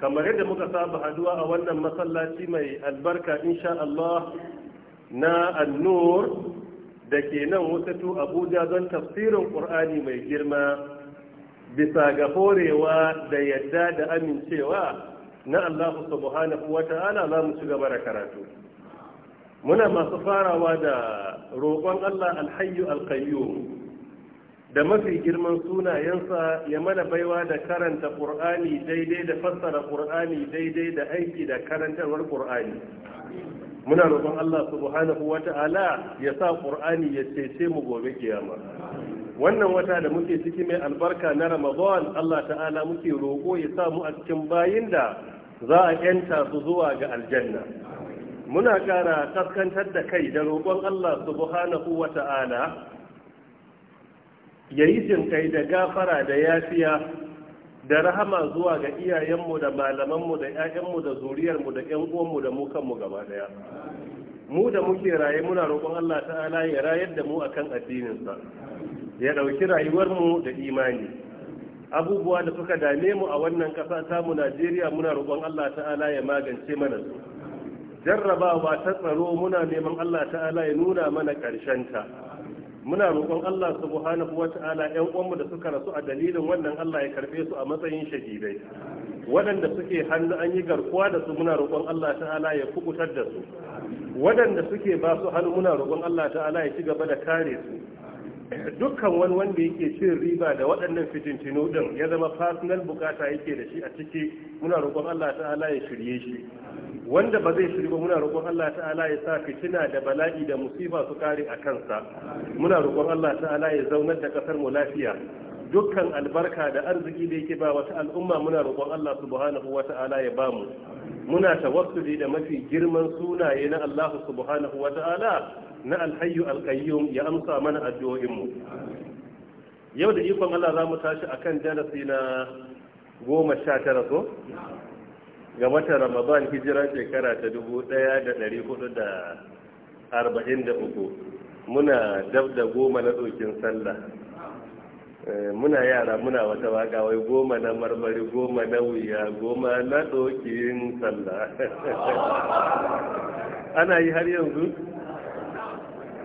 kamar yadda muka saba haduwa a wannan masallaci mai albarka insha Allah na annur da ke nan wasatu abuja don tafsirin ƙur'ani mai girma bisa ga horewa da yadda da amincewa na allahu subhanahu wa ta'ala za mu ci gaba da karatu muna masu farawa da roƙon Allah alhayyu alqayyum da mafi girman sunayensa ya mana baiwa da karanta ƙur'ani daidai da fassara ƙur'ani daidai da aiki da karantarwar ƙur'ani muna roƙon Allah subhanahu wata'ala ya sa ƙur'ani ya cece mu gobe kiyama wannan wata da muke ciki mai albarka na Ramadan Allah ta'ala muke roƙo ya sa mu a cikin bayin da za a yanta su zuwa ga aljanna muna ƙara kaskantar da kai da roƙon Allah subhanahu wata'ala ya yi jinkai da gafara da yafiya da rahama zuwa ga iyayenmu da malamanmu da 'ya'yanmu da zuriyarmu da 'yan uwanmu da mu kanmu gaba daya mu da muke raye muna roƙon Allah ta'ala ya rayar da mu akan addininsa ya ɗauki rayuwarmu da imani abubuwa da suka dame mu a wannan ƙasa mu Najeriya muna roƙon Allah ta'ala ya magance mana su jarrabawa ta tsaro muna neman Allah ta'ala ya nuna mana ƙarshen ta. muna roƙon Allah subhanahu ta'ala ƴan uwanmu da suka rasu a dalilin wannan Allah ya karbe su a matsayin shahidai waɗanda suke hannu an yi garkuwa da su muna roƙon Allah ta'ala ya kubutar da su waɗanda suke ba su hannu muna roƙon Allah ta'ala ya ci gaba da kare su dukkan wani wanda yake cin riba da waɗannan fitintinu din ya zama personal bukata yake da shi a ciki muna roƙon Allah ta'ala ya shirye shi wanda ba zai shirye ba muna roƙon Allah ta'ala ya sa fitina da bala'i da musiba su kare a kansa muna roƙon Allah ta'ala ya zaunar da ƙasar mu lafiya dukkan albarka da arziki da yake ba wata al'umma muna roƙon Allah subhanahu wata'ala ta'ala ya bamu muna tawassuli da mafi girman sunaye na Allah subhanahu wa ta'ala na alhayyu alqayyum ya amsa mana addu'o'in mu yau da ikon Allah za mu tashi akan darasi na goma sha tara ga watan ramadan hijira shekara ta dubu ɗaya da ɗari hudu da arba'in da uku muna dab da goma na ɗokin sallah Eh, muna yara muna wata waka wai goma na marmari goma na wuya goma na dokin sallah ana yi har yanzu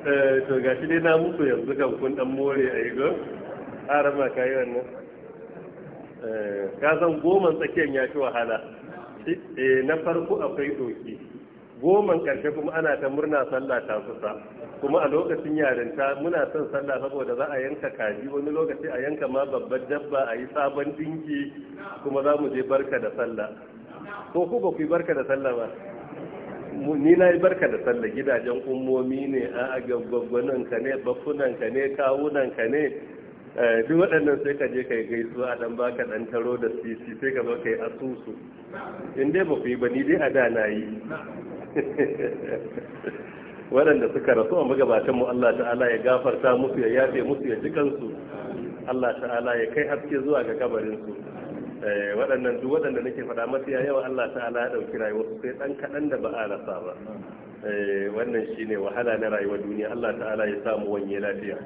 eh, to gashi dai na muku yanzu kan kun dan more a yi gon harama ka yi wannan eh, ka san goma tsakiyar ya fi wahala na farko akwai doki. goman karshe kuma ana ta murna sallah ta kusa kuma a lokacin yarinta muna son sallah saboda za a yanka kaji wani lokaci a yanka ma babbar dabba a yi sabon dinki kuma za mu je barka da sallah ko ku ba ku yi barka da sallah ba ni na yi barka da sallah gidajen ummomi ne a gaggwagonan ka ne bafunan ka ne kawunan ka ne eh, duk waɗannan sai ka je ka yi gaisuwa a ɗan baka ɗan taro da sisi sai ka zo ka yi asusu in dai ba ku yi ba ni dai a da na yi waɗanda suka rasu a magabatanmu Allah ta'ala ya gafarta musu ya yafe musu ya ji kansu Allah ta'ala ya kai haske zuwa ga kabarinsu eh, waɗannan duk waɗanda nake faɗa masu ya yawa Allah ta'ala ya ɗauki rayuwa su sai ɗan kaɗan da ba a rasa ba eh, wannan ne wahala na rayuwar duniya Allah ta'ala ya samu wanye lafiya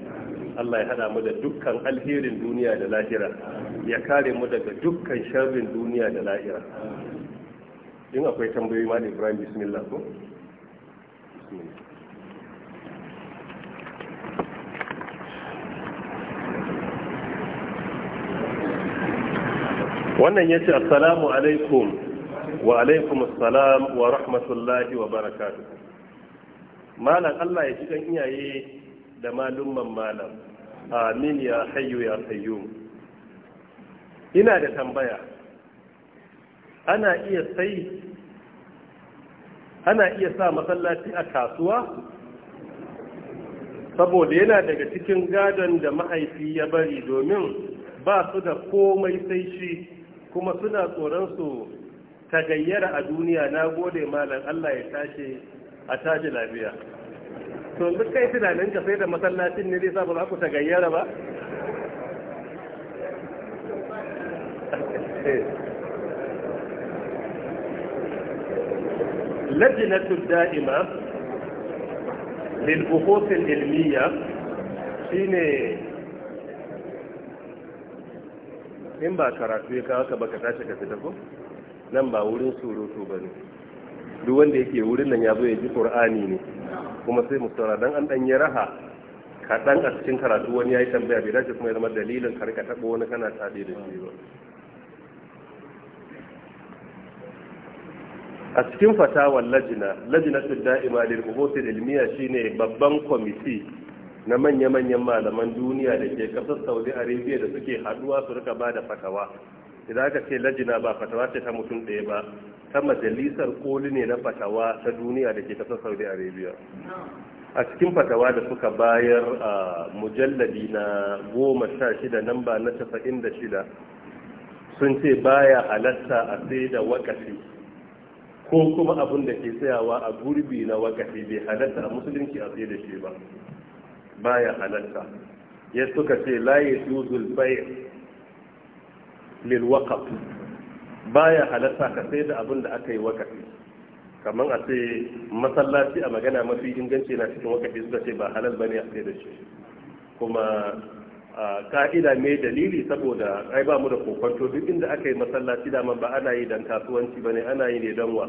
Allah ya haɗa mu da dukkan alherin duniya da lahira ya kare mu daga dukkan sharrin duniya da lahira in akwai tambayoyi ma da ibrahim bismillah ko wannan ya ce assalamu alaikum wa alaikum assalam wa rahmatullahi wa barakatu malam allah ya ji iyaye da malumman malam amin ya hayyu ya qayyum ina da tambaya ana iya sa masallaci a kasuwa saboda yana daga cikin gadon da mahaifi ya bari domin ba su da komai sai shi kuma suna tsoron su ta gayyara a duniya na gode malam Allah ya tashi a tashi lafiya to duk kai tunanin ka sai da masallacin ne zai sa ba za ku ta gayyara ba اللجنة الدائمة للبحوث العلمية شيني in ba karatu ya kawo ka baka ka fita ko nan ba wurin surutu ba ne duk wanda yake wurin nan ya zo ya ji qur'ani ne kuma sai mu dan an dan yi raha kaɗan a cikin karatu wani ya yi tambaya bai dace kuma ya zama dalilin karka taɓo wani kana taɗe da shi ba a cikin fatawan lajina lajinatul da'ima lil ubusul ilmiya shine babban kwamiti na manya-manyan malaman duniya da ke kasar saudi arabia da suke haduwa su rika ba da fatawa idan aka ce lajina ba fatawa ce ta mutum ɗaya ba ta majalisar koli ne na fatawa ta duniya da ke kasar saudi arabia a cikin fatawa da suka bayar a mujalladi goma sha shida ba na casa'in da shida sun ce baya halatta a sai da wakafi ko kuma abin da ke tsayawa a gurbi na wakati bai halatta a musulunci a tsaye da shi ba baya halatta ya suka ce laye su bai lil ba baya halatta ka sai da abin da aka yi wakati kamar a ce masallaci a magana mafi inganci na cikin wakati suka ce ba halal bane a tsaye da shi kuma ka'ida mai dalili saboda ai ba mu da kokonto duk inda aka yi masallaci man ba ana yi don kasuwanci ba ne ana yi ne don wa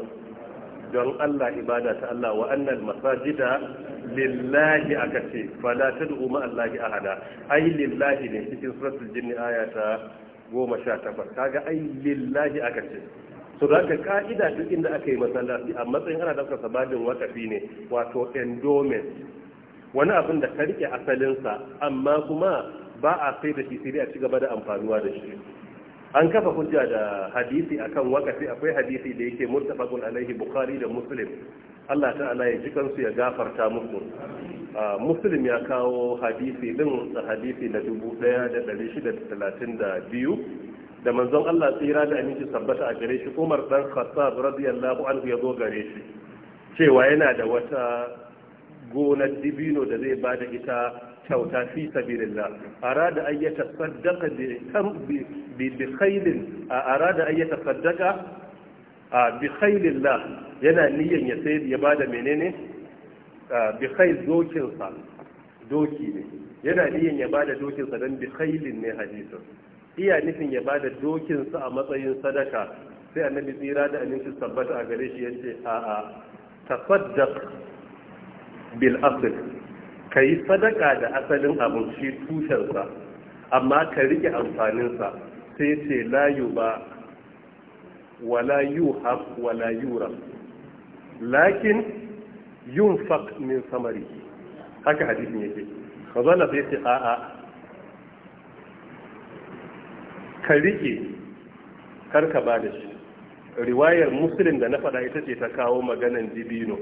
don Allah ibada ta Allah wa annal masajida lillahi aka ce fala tad'u ma Allahi ahada ai lillahi ne cikin suratul jin aya ta 18 kaga ai lillahi aka ce so da ka ka'ida duk inda aka yi masallaci a matsayin ana daukar sabadin wakafi ne wato endowment wani abin da ka rike asalinsa amma kuma ba a sai da shi sai a ci gaba da amfanuwa da shi an kafa hujja da hadisi akan wakati. akwai hadisi da yake muttafaqun alaihi bukhari da muslim Allah ta'ala ya ji kansu ya gafarta musu muslim ya kawo hadisi din hadisi na 1632 da manzon Allah tsira da aminci sabbata a gare shi Umar dan Khattab radiyallahu anhu ya zo gare shi cewa yana da wata gonar dibino da zai bada ita kyauta fi sabilillah arada an yatasaddaqa bi bi bi khailin arada an yatasaddaqa bi khailillah yana niyyar ya sai ya bada menene bi khail dokin sa doki ne yana niyyar ya bada dokin sa dan bi khailin ne hadisi iya nufin ya bada dokin sa a matsayin sadaka sai annabi tsira da aminci tabbata a gare shi yace a a tasaddaq bil asl ka yi sadaka da asalin abin shi tushensa amma ka rike amfaninsa sai ce layu ba wala yu haf wala yura lakin yun fak min samari haka hadisin yake mazala sai ce a'a ka rike karka ba da shi riwayar muslim da na faɗa ita ce ta kawo maganan dibino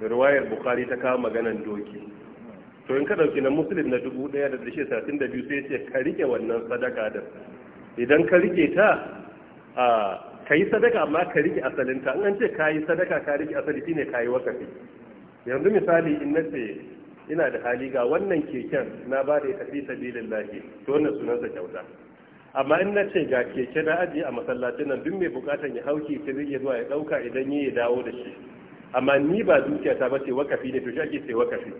riwayar bukari ta kawo maganan doki to in ka ɗauki na muslim na 1132 sai ce ka rike wannan sadaka din idan ka rike ta a ka yi sadaka amma ka rike asalinta An an ce ka yi sadaka ka rike asali shine ka yi wakafi yanzu misali in na ce ina da hali ga wannan keken na ba da ya tafi sabilin to wannan sunansa kyauta amma in na ce ga keke na ajiye a masallacin nan duk mai bukatar ya hauki ta zai zuwa ya dauka idan ya dawo da shi amma ni ba dukiya ta bace wakafi ne to shi ake ce wakafi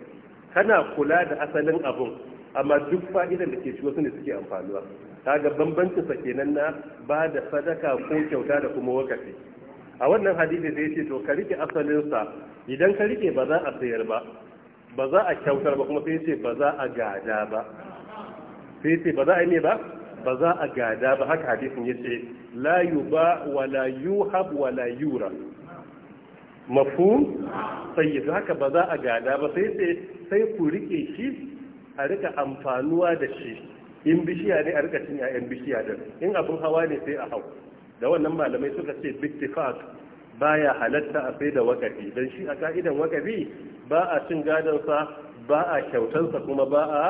kana kula da asalin abun amma duk fa'idan da ke ci wasu ne suke amfanuwa kaga bambancin sa kenan na ba da sadaka ko kyauta da kuma wakafi a wannan hadisi da yace to ka rike asalin sa idan ka rike ba za a sayar ba ba za a kyautar ba kuma sai yace ba za a gada ba sai yace ba za a yi ba ba za a gada ba haka hadisin yace la yuba wala yuhab wala yura sai yi haka ba za a gada ba sai sai ku rike shi a rika amfanuwa da shi in bishiya ne a rika cin yayan bishiya da in abun hawa ne sai a hau da wannan malamai suka ce bittifaq baya halatta a sai da wakafi dan shi a ka'idan wakafi ba a cin gadon sa ba a kyautar sa kuma ba a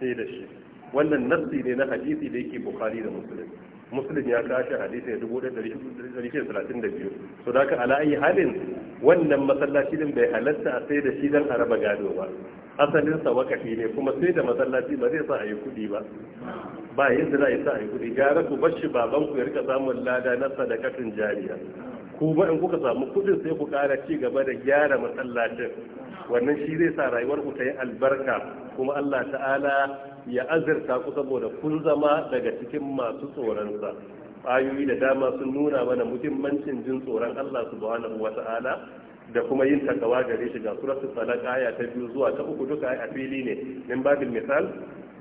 sai da shi wannan nassi ne na hadisi da yake bukhari da muslim muslim ya tashi hadisi dubu ɗaya ɗari shida da biyu so da ala ayi halin wannan masallaci din bai halatta a sai da shi dan raba gado ba asalin sa wakafi ne kuma sai da masallaci ba zai sa a yi kuɗi ba ba yadda za a yi sa a yi kuɗi gara ku bar shi baban ku ya rika samun lada na sadakatin jariya kuma in kuka samu kudin sai ku ƙara ci gaba da gyara masallacin wannan shi zai sa rayuwar ku ta yi albarka kuma Allah ta'ala ya azurta ku saboda kun zama daga cikin masu tsoronsa ayoyi da dama sun nuna mana muhimmancin jin tsoron Allah subhanahu wa ta'ala da kuma yin takawa gare shi ga suratul talaq aya ta biyu zuwa ta uku duka a fili ne min babil misal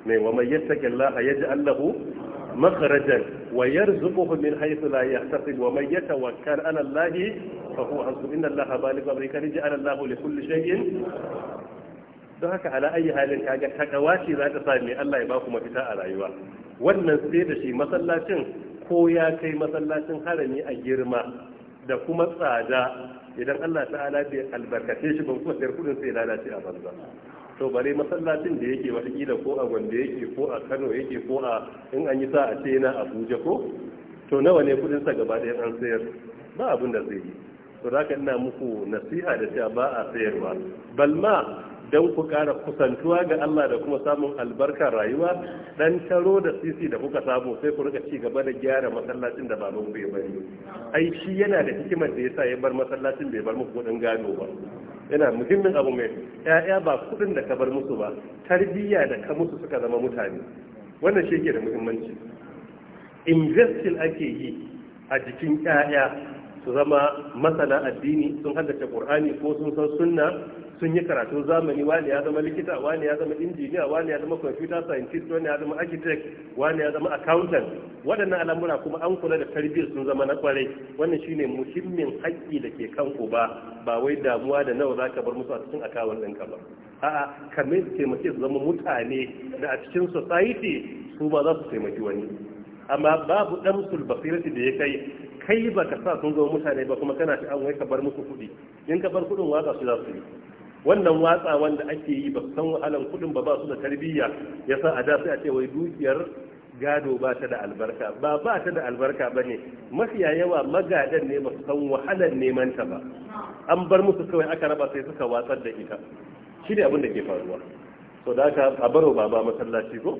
mai wa man yattaqillaha yaj'al lahu makharajan wa yarzuquhu min haythu la yahtasib wa man yatawakkal ala Allah fa huwa hasbuh inna Allah baligh amrihi kan don haka ala ayi halin kaga takawa ce za ta sami Allah ya ba ku mafita a rayuwa wannan sai da shi masallacin ko ya kai masallacin harami a girma da kuma tsada idan Allah ta'ala bai albarkace shi ban kuma sai kudin sai lalace a banza to bare masallacin da yake watakila ko a gwanda yake ko a kano yake ko a in an yi sa a ce na abuja ko to nawa ne kudin sa gaba ɗaya an sayar ba abin da zai yi to za ka ina muku nasiha da cewa ba a sayarwa balma don ku ƙara kusantuwa ga Allah da kuma samun albarkar rayuwa ɗan taro da sisi da kuka samu sai ku rika ci gaba da gyara masallacin da baban ku ya bari ai shi yana da hikimar da yasa ya bar masallacin bai bar muku kudin gado ba yana muhimmin abu mai ya'ya ba kudin da ka bar musu ba tarbiyya da ka musu suka zama mutane wannan shi yake da muhimmanci investing ake yi a jikin ya'ya su zama masana addini sun haddace qur'ani ko sun san sunna sun yi karatun zamani wani ya zama likita wani ya zama injiniya wani ya zama computer scientist wani ya zama architect wani ya zama accountant waɗannan al'amura kuma an kula da tarbiyyar sun zama na kwarai wannan shine muhimmin haƙƙi da ke kan ku ba wai damuwa da nawa zaka bar musu a cikin akawun ɗinka ba a'a su taimake su zama mutane da a cikin society su ma za su taimaki wani amma babu damsul basirati da ya kai kai baka sa sun zama mutane ba kuma kana ci an wai ka bar musu kuɗi in ka bar kuɗin waka su za su yi wannan watsa wanda ake yi ba san wahalan kudin ba ba su da tarbiyya yasa a da sai a ce wai dukiyar gado ba ta da albarka ba ba ta da albarka ba ne mafiya yawa magadan ne ba san wahalan neman ta ba an bar musu kawai aka raba sai suka watsar da ita shi ne abin da ke faruwa so da aka a baro baba masallaci ko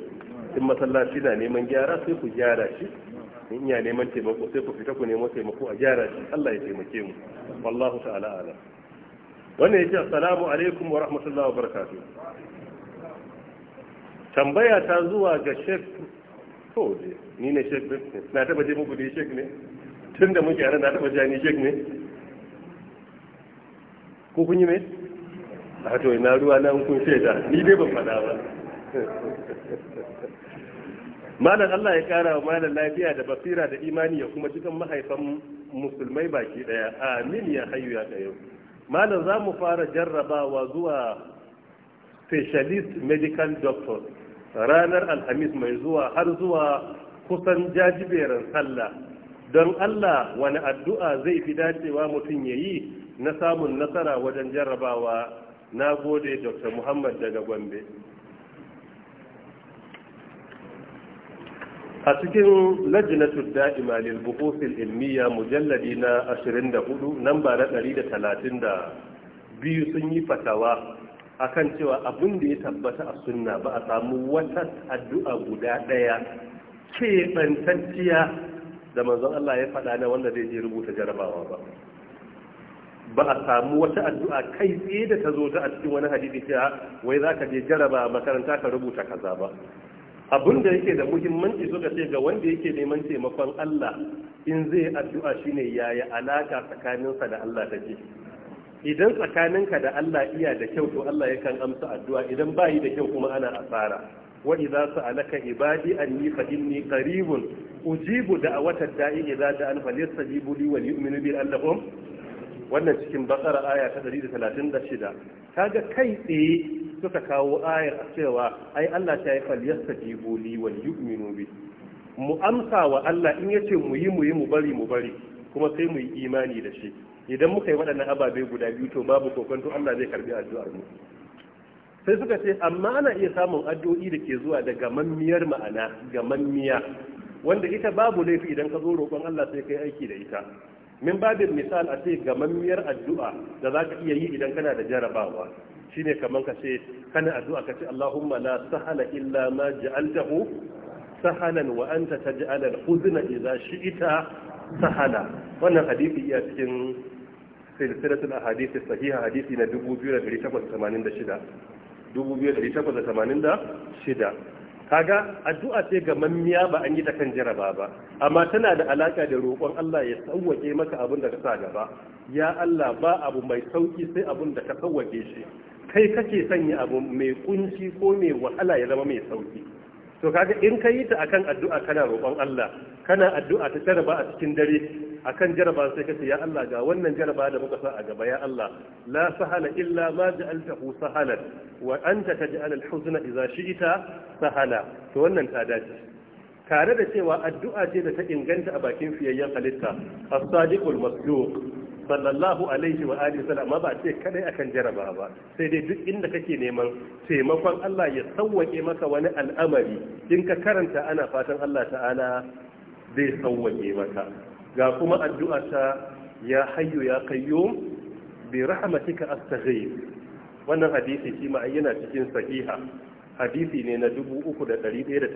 in masallaci na neman gyara sai ku gyara shi in iya neman taimako sai ku fita ku nemo taimako a gyara shi Allah ya taimake mu wallahu ta'ala alam wannan yake assalamu alaikum wa rahmatullahi wa barakatuh tambaya ta zuwa ga Sheikh ko ne ni ne Sheikh na taba je muku ne Sheikh ne tunda muke ana na taba je ni Sheikh ne ko kun yi me a to ina ruwa nan kun shaida ni dai ban fada ba malam Allah ya kara wa malam lafiya da basira da imani ya kuma cikin mahaifan musulmai baki daya amin ya hayyu ya kayo malam za mu fara jarrabawa zuwa specialist medical doctor ranar alhamis mai zuwa har zuwa kusan jajiberin sallah don allah wani addu'a zai fi dacewa mutum ya yi na samun nasara wajen jarrabawa na gode dr muhammad daga gombe a cikin lajinatu da'ima lil buhuthil ilmiya mujalladi na 24 ba na 132 sun yi fatawa akan cewa abin da ya tabbata a sunna ba a samu wata addu'a guda daya ke bantacciya da manzon Allah ya faɗa na wanda zai je rubuta jarabawa ba ba a samu wata addu'a kai tsaye da ta zo ta a cikin wani hadisi ta wai za ka je jaraba makaranta ka rubuta kaza ba abin da yake da muhimmanci suka ce ga wanda yake neman taimakon Allah in zai addu'a shine yaya alaka tsakaninsa da Allah ta ce. idan tsakaninka da Allah iya da kyau to Allah yakan amsa addu'a idan ba yi da kyau kuma ana asara wa idza sa'alaka ibadi anni fa inni qaribun ujibu da'watad da'i idza da'an falyastajibu li wa yu'minu bi wannan cikin bakara aya ta 136 kaga kai tsaye suka kawo ayar a cewa ai Allah ta yi falyasta yastajibu li wal yu'minu bi mu amsa wa Allah in yace mu yi mu yi mu bari mu bari kuma sai mu yi imani da shi idan muka yi waɗannan ababe guda biyu to babu kokonto Allah zai karbi addu'ar mu sai suka ce amma ana iya samun addu'o'i da ke zuwa da gamammiyar ma'ana gamammiya wanda ita babu laifi idan ka zo roƙon Allah sai kai aiki da ita min ba babin misal a ce gamammiyar addu'a da za ka iya yi idan kana da jarabawa shine kamar ka ce kana addu'a ka ce Allahumma la sahala illa ma ja'altahu sahalan wa anta taj'al al-huzna idza shi'ta sahala wannan hadisi ya cikin silsilatul ahadith sahiha hadisi na 2886 2886 kaga addu'a ce ga mammiya ba an yi ta kan jaraba ba amma tana da alaka da roƙon Allah ya sauwake maka abin da ka sa gaba ya Allah ba abu mai sauki sai abin da ka sauwake shi kai kake sanya abu mai kunci ko mai wahala ya zama mai sauki to kaga in ka yi ta akan addu'a kana roƙon Allah kana addu'a ta jaraba a cikin dare akan jaraba sai ce ya Allah ga wannan jaraba da muka sa a gaba ya Allah la sahala illa ma ja'altahu sahalan wa anta taj'al al-huzna idza shi'ta sahala to wannan ta dace tare da cewa addu'a ce da ta inganta a bakin fiyayyen halitta as-sadiqul masduq sallallahu alaihi wa alihi sallam ba ce kadai akan jaraba ba sai dai duk inda kake neman taimakon Allah ya sauwake maka wani al'amari in ka karanta ana fatan Allah ta'ala zai sauwake maka ga kuma addu'a ta ya hayyu ya qayyum bi rahmatika astaghfir wannan hadisi shi ma cikin sahiha hadisi ne na 3182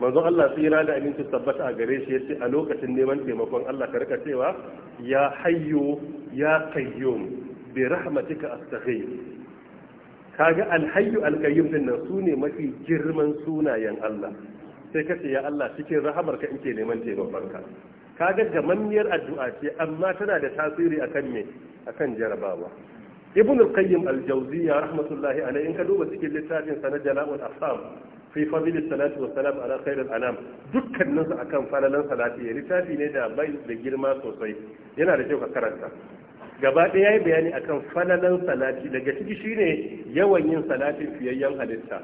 manzon Allah tsira da aminci tabbata a gare shi yace a lokacin neman taimakon Allah ka rika cewa ya hayyu ya qayyum bi rahmatika astaghfir kaga al alkayyum din nan sune mafi girman sunayen Allah sai kace ya Allah cikin rahamarka in ke neman taimakon ka kaga gamammiyar addu'a ce amma tana da tasiri akan me akan jarabawa ibn al-qayyim al-jawziyya rahmatullahi alayhi in ka duba cikin littafin sana jala'ul afsam fi fadilis salatu wa salam ala khairil anam dukkanin su akan falalan salati ya littafi ne da bai da girma sosai yana da kyau ka karanta gaba ɗaya yayi bayani akan falalan salati daga ciki shine yawan yin salatin fiyayyen halitta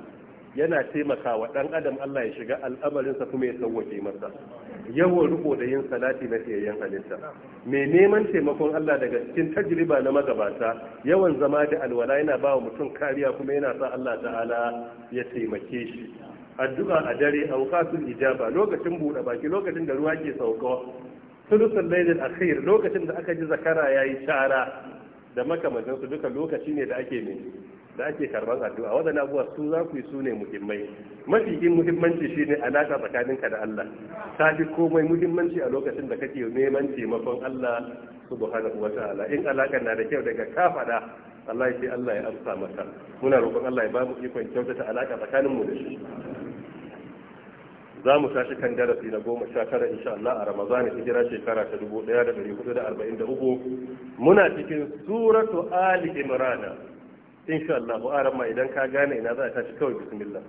yana taimakawa ɗan adam Allah ya shiga al'amarin sa kuma ya sauwake masa yawan riko da yin salati na fiyayyen halitta mai neman taimakon Allah daga cikin tajriba na magabata yawan zama da alwala yana ba wa mutum kariya kuma yana sa Allah ta'ala ya taimake shi addu'a a dare a awqatul ijaba lokacin buɗe baki lokacin da ruwa ke sauka sulusul lailil akhir lokacin da aka ji zakara yayi shara da makamantansu duka lokaci ne da ake ne da ake karban addu'a wadannan abubuwa su za ku yi su ne muhimmai mafi muhimmanci shine alaƙa tsakaninka da Allah ta fi komai muhimmanci a lokacin da kake neman taimakon Allah subhanahu wata'ala in alaƙar na da kyau daga kafaɗa Allah ya ce Allah ya amsa maka muna roƙon Allah ya ba mu ikon kyautata alaƙa tsakaninmu da shi za mu tashi kan darasi na goma sha tara insha Allah a Ramazan hijira shekara ta dubu ɗaya da ɗari hudu da arba'in da uku muna cikin suratu Ali Imran insha Allah ku aran idan ka gane ina za a tashi kawai bismillah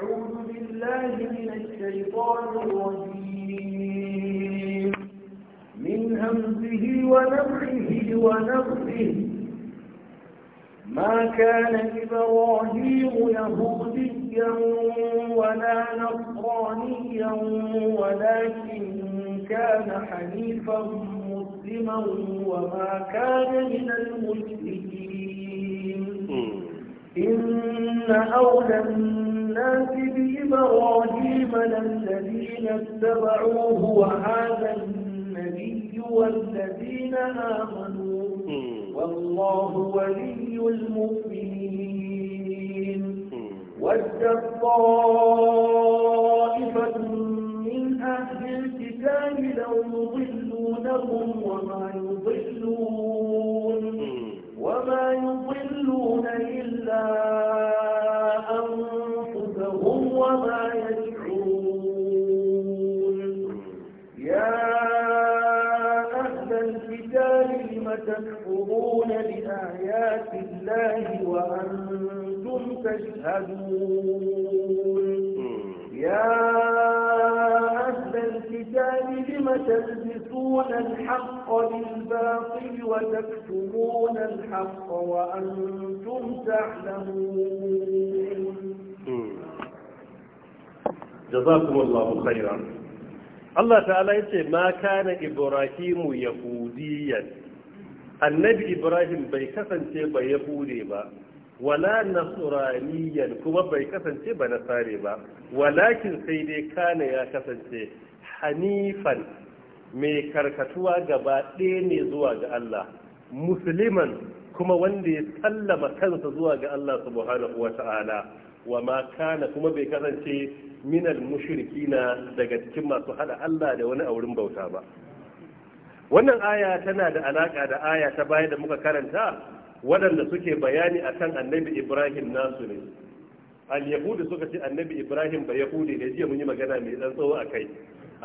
أعوذ بالله من الشيطان الرجيم من همزه ونفخه ونفخه ما كان إبراهيم يهوديا ولا نصرانيا ولكن كان حنيفا مسلما وما كان من المشركين إن أولى الناس بإبراهيم للذين اتبعوه وهذا النبي والذين آمنوا والله ولي المؤمنين ود طائفة من أهل الكتاب لو يضلونهم وما يضلون الله وأنتم تشهدون يا أهل الكتاب لم تلبسون الحق بالباطل وتكتمون الحق وأنتم تعلمون جزاكم الله خيرا الله تعالى يقول ما كان إبراهيم يهوديا annabi ibrahim bai kasance ba ya bude ba wala nasuraniyan kuma bai kasance ba na tsare ba walakin sai dai kana ya kasance hanifan mai karkatuwa gaba ɗaya ne zuwa ga Allah musliman kuma wanda ya sallama kansa zuwa ga Allah subhanahu wa ta'ala wa ma kana kuma bai kasance minal mushrikina daga cikin masu hada Allah da wani a bauta ba wannan aya tana da alaka da aya ta baya da muka karanta waɗanda suke bayani akan annabi ibrahim nasu ne al-yahudu suka ce annabi ibrahim ba yahudi ne jiya mun yi magana mai dan tsawo akai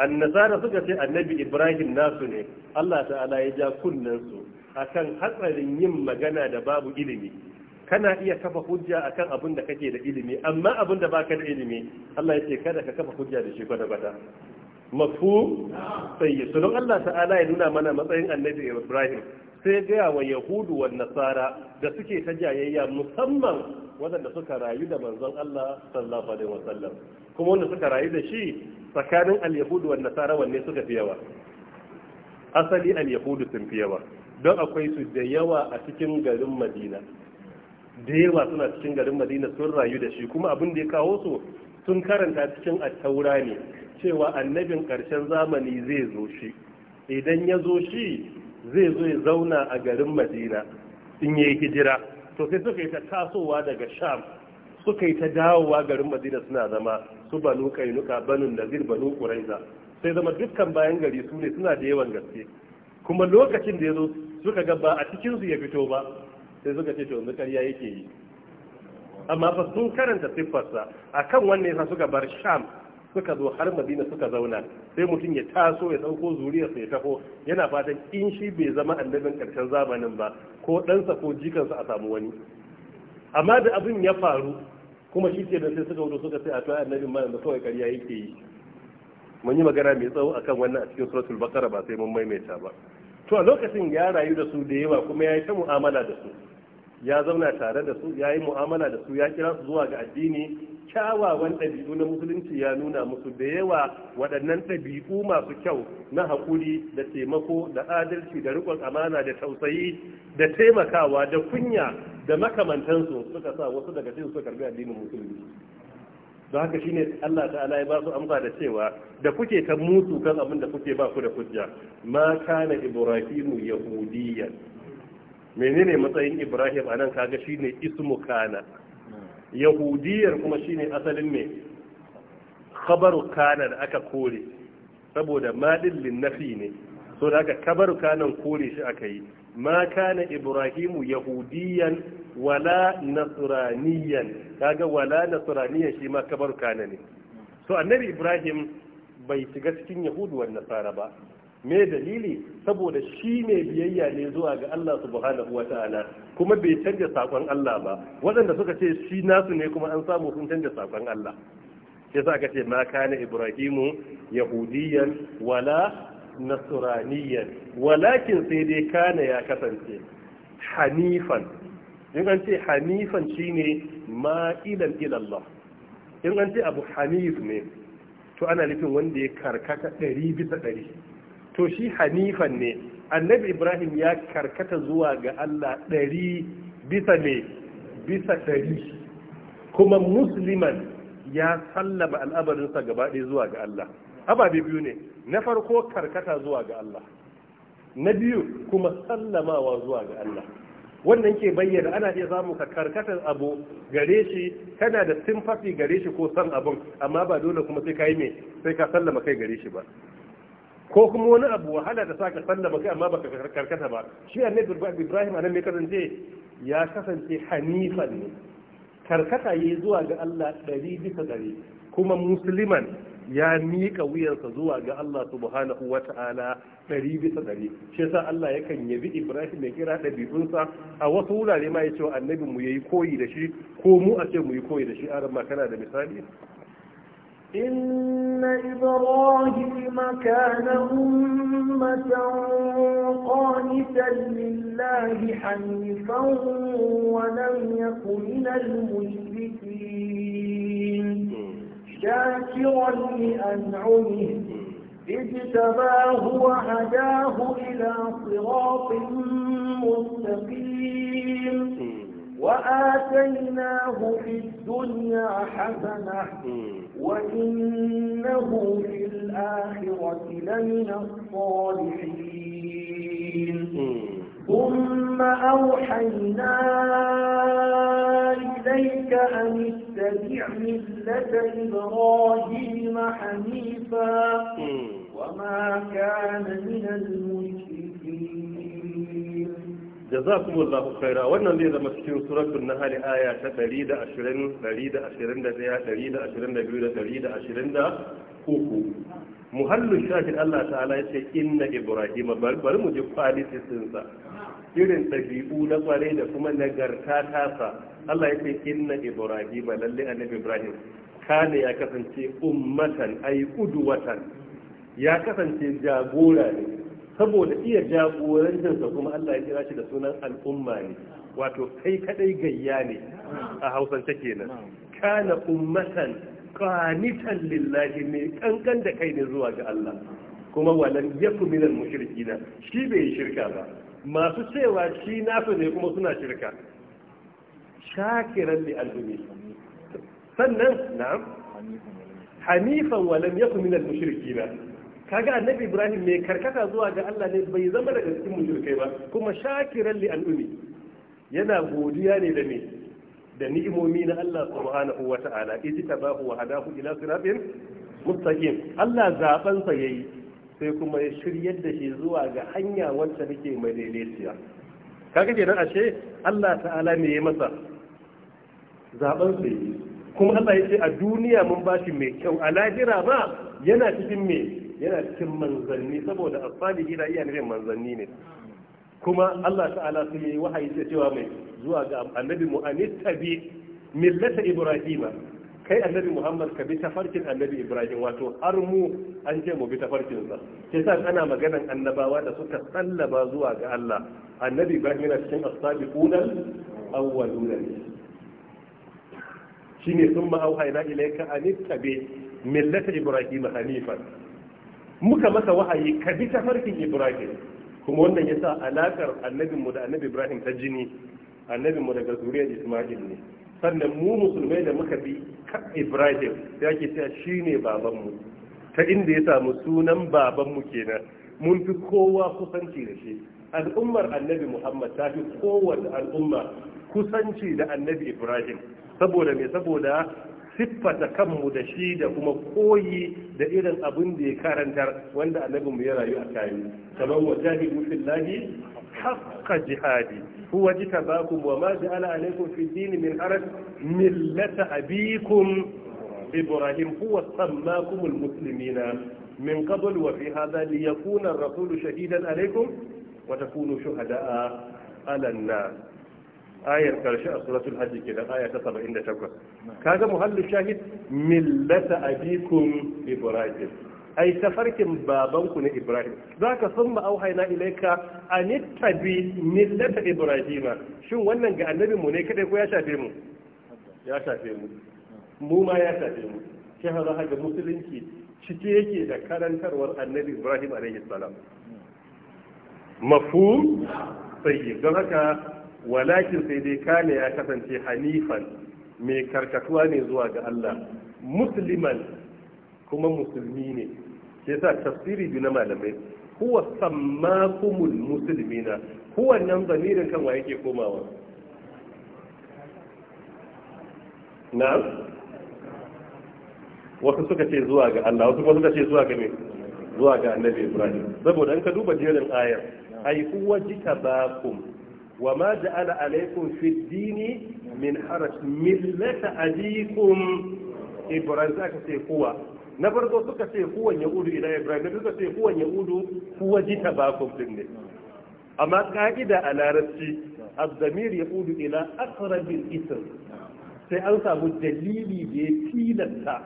annasara suka ce annabi ibrahim nasu ne allah ta'ala ya ja kunnen su akan hatsarin yin magana da babu ilimi kana iya kafa hujja akan abin da kake da ilimi amma abin da baka da ilimi Allah ya ce kada ka kafa hujja da shi kwata kwata mafu sai su don Allah ta'ala ya nuna mana matsayin annabi Ibrahim sai gaya wa yahudu wa nasara da suke ta jayayya musamman waɗanda suka rayu da manzon Allah sallallahu alaihi wasallam kuma wanda suka rayu da shi tsakanin al-yahudu wa nasara wanne suka fi yawa asali al-yahudu sun fi yawa don akwai su da yawa a cikin garin Madina da yawa suna cikin garin Madina sun rayu da shi kuma abin da ya kawo su sun karanta cikin attaura ne cewa annabin ƙarshen zamani zai zo shi idan ya zo shi zai zo ya zauna a garin madina in yi hijira to sai suka yi ta tasowa daga sham suka yi ta dawowa garin madina suna zama su banu kainuka banu nazir banu kuraiza sai zama dukkan bayan gari su ne suna da yawan gaske kuma lokacin da ya zo suka ga ba a cikinsu ya fito ba sai suka ce to yanzu yake yi amma fa sun karanta siffarsa kan wannan yasa suka bar sham suka zo har madina suka zauna sai mutum ya taso ya sauko zuriyarsa ya taho yana fatan in shi bai zama annabin karshen zamanin ba ko ɗansa ko jikansa a samu wani amma da abin ya faru kuma shi ke da sai suka wuce suka sai a tuwa annabin ma da kawai ƙarya yake yi mun yi magana mai tsawo akan wannan a cikin suratul bakara ba sai mun maimaita ba to a lokacin ya rayu da su da yawa kuma ya yi ta mu'amala da su ya zauna tare da su ya yi mu'amala da su ya kira su zuwa ga addini kyawawan ɗabi'u na musulunci ya nuna musu da yawa waɗannan ɗabi'u masu kyau na haƙuri da taimako da adalci da riƙon amana da tausayi da taimakawa da kunya da makamantansu suka sa wasu daga cikin suka karbi addinin musulunci don haka shine Allah ta'ala ya ba su amsa da cewa da kuke ta mutu kan abin da kuke ba ku da hujja ma kana ibrahimu yahudiyyan menene matsayin ibrahim a anan kaga shine ismu kana yahudiyar kuma shine asalin mai khabaru kana da aka kore saboda maɗin linnafi ne so da aka kabaru kanan kore shi aka yi ma kana ibrahimu yahudiyan wala nasraniyan kaga wala nasraniyan shi ma kabaru kana ne so annabi ibrahim bai shiga cikin yahudu wa nasara ba me dalili saboda shi ne biyayya ne zuwa ga Allah subhanahu wa ta'ala kuma bai canja sakon Allah ba waɗanda suka ce shi nasu ne kuma an samu sun canja sakon Allah sai sa aka ce ma kana ibrahimu yahudiyan wala nasraniyan walakin sai dai kana ya kasance hanifan in an ce hanifan shine ma'ilan ila in an ce abu hanif ne to ana nufin wanda ya karkata ɗari bisa ɗari to shi hanifan ne annabi ibrahim ya karkata zuwa ga allah ɗari bisa ne bisa ɗari kuma musliman ya sallama al'abarinsa gaba ɗaya zuwa ga allah ababe biyu ne na farko karkata zuwa ga allah na biyu kuma sallamawa zuwa ga allah wannan ke bayyana ana iya samu ka karkatar abu gare shi kana da simfafi gare shi ko san abun amma ba dole kuma sai ka yi mai, sai ka sallama kai gare shi ba ko kuma wani abu wahala da saka ba kai amma baka karkata ba shi annabi ibrahim anan ne kasance ya kasance hanifan ne karkata yayi zuwa ga Allah ɗari bisa ɗari kuma musliman ya miƙa wuyansa zuwa ga Allah subhanahu wa ta'ala ɗari bisa ɗari shi yasa Allah yakan yabi Ibrahim ya kira ɗabi'unsa a wasu wurare ma ya ce annabi mu yayi koyi da shi ko mu a ce mu yi koyi da shi aran ma kana da misali إن إبراهيم كان أمة قانتا لله حنيفا ولم يك من المشركين شاكرا لأنعمه اجتباه وهداه إلى صراط مستقيم وآتيناه في الدنيا حسنة وإنه في الآخرة لمن الصالحين ثم أوحينا إليك أن اتبع ملة إبراهيم حنيفا وما كان من المشركين jazakumullahu khaira wannan zai zama cikin suratul nahl aya ta 120 121 122 muhallin shafin Allah ta'ala ya ce inna ibrahim bari mu ji kwalitisin sa irin ɗabi'u na kwarai da kuma nagarta ta tasa Allah ya ce inna ibrahim lalle annabi ibrahim kane ya kasance ummatan ay qudwatan ya kasance jagora ne saboda iya jagorancin sa kuma Allah ya kira shi da sunan al'umma ne wato kai kadai gayya ne a Hausance kenan kana ummatan qanitan lillahi ne kankan da kai ne zuwa ga Allah kuma walan yaku minal mushrikina shi bai shirka ba masu cewa shi nasu ne kuma suna shirka shakiran li alhumi sannan na? hanifan walam yaku minal mushrikina kaga annabi ibrahim mai karkata zuwa ga Allah ne bai zama daga cikin mushrikai ba kuma shakiran li al'umi yana godiya ne da me da ni'imomi na Allah subhanahu wa ta'ala ta ijtabahu wa hadahu ila siratin mustaqim Allah zaben sa yayi sai kuma ya shiryar da shi zuwa ga hanya wacce nake mai daidaitiya kaga kenan ashe Allah ta'ala me ya masa zaben sa yayi kuma Allah ya ce a duniya mun bashi mai kyau a lahira ba? yana cikin mai yana cikin manzanni saboda asali gina iya nufin manzanni ne kuma Allah ta'ala sun yi wahayi da cewa mai zuwa ga annabi mu bi millata ibrahima kai annabi muhammad ka bi tafarkin annabi ibrahim wato har mu an ce mu bi tafarkin sa ke sa ana maganan annabawa da suka sallaba zuwa ga Allah annabi ibrahim yana cikin as-sabiqun al shine thumma auhayna ilayka millata ibrahima hanifan muka masa wahayi ka bi ta farkin ibrahim kuma wannan ya sa alakar annabinmu da annabi ibrahim ta jini annabinmu daga zuriyar isma'il ne sannan mu musulmai da muka bi ka ibrahim ya ke cewa shi ne babanmu ta inda ya samu sunan babanmu kenan mun fi kowa kusanci da shi al'ummar annabi muhammad ta fi kowace al'umma kusanci da annabi ibrahim saboda me saboda siffata kanmu da shi da kuma koyi da irin abin da ya karantar wanda annabi mu ya rayu a kai kamar wajahidu fillahi haqqa jihadi huwa jitabakum wa ma ja'ala alaykum fi din min haraj millata abikum ibrahim huwa sammakum almuslimina min qabl wa fi hadha liyakuna ar-rasulu shahidan alaykum wa takunu shuhada'a ala an-nas ayar karshe a suratul hajji ke da aya ta 78 kaga muhallu shahid millata abikum ibrahim ai tafarkin babanku ne ibrahim za ka ma ma'auhaina ilaika a millata Ibrahim shin wannan ga mu ne kadai ko ya shafe mu ya shafe mu mu ma ya shafe mu shi haza haka musulunci cike yake da karantarwar annabi ibrahim alayhi salam mafhum tayyib don haka walakin sai dai kane ya kasance hanifan mai karkatuwa ne zuwa ga Allah musliman kuma musulmi ne shi yasa tafsiri biyu na malamai huwa sammakumul muslimina kowannan zamirin kan wa yake komawa na wasu suka ce zuwa ga Allah wasu suka ce zuwa ga me zuwa ga annabi Ibrahim saboda an ka duba jerin ayar ai huwa jitabakum wa ma ala alaikum fi dini min haraj millata abikum ibrahim za ka kuwa na farko suka ce kuwan yahudu ila ibrahim na suka kuwan yahudu kuwa jita ba kumfin amma ka'ida a larabci abdamir yahudu ila akrabil sai an samu dalili da ya tilasta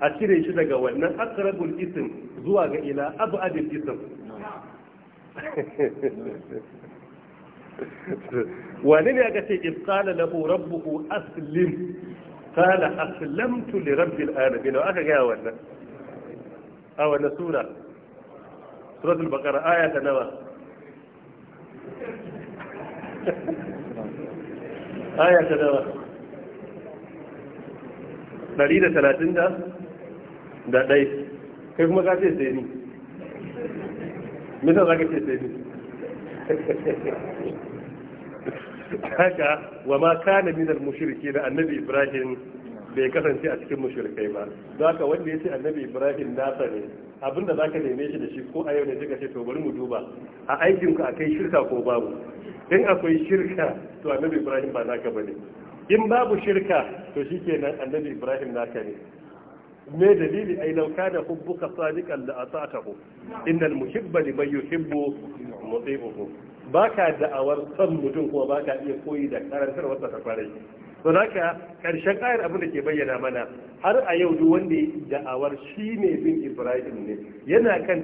a cire shi daga wannan akrabul ism zuwa ga ila abu adil wani ne aka ce isqala lahu rabbuhu aslim qala aslamtu li rabbil alamin wa aka gaya wannan a wannan sura suratul baqara aya ta nawa aya ta nawa 130 da da dai kai kuma ka ce sai ni me za ka ce sai ni haka wa ma kana minal mushriki da annabi ibrahim bai kasance a cikin mushrikai ba don haka wanda ya ce annabi ibrahim nasa ne abinda zaka neme shi da shi ko a yau ne kika ce to bari mu duba a aikin ku akai shirka ko babu in akwai shirka to annabi ibrahim ba naka bane in babu shirka to shikenan annabi ibrahim naka ne me dalili ai law kana hubbuka sadiqan la ata'tahu innal muhibba liman yuhibbu mutibuhu ba ka da'awar son mutum kuma ba ka iya koyi da karantar ta kwarai don haka karshen ƙayar abin da ke bayyana mana har a yau duk wanda da'awar shi ne bin ibrahim ne yana kan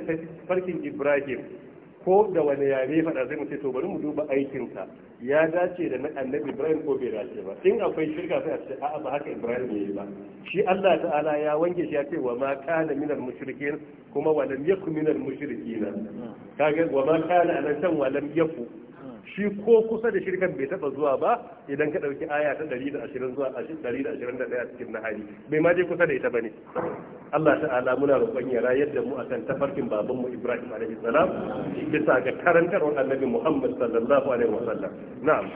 farkin ibrahim ko da wani yare faɗa zai mace to bari mu duba aikinsa ya dace da na annabi ibrahim ko bai dace ba in akwai shirka sai a ce a'a ba haka ibrahim ne ba shi Allah ta'ala ya wanke shi ya ce wa ma kana minal mushrikin kuma wa lam yakun minal mushrikina kage wa ma kana anan san wa lam yakun shi ko kusa da shirkan bai taba zuwa ba idan ka dauki aya ta 120 zuwa 121 a cikin nahari bai ma je kusa da ita bane Allah ta'ala muna roƙon ya rayar da mu akan tafarkin baban mu Ibrahim alaihi salam bisa ga karantarwar Annabi Muhammad sallallahu alaihi wasallam na'am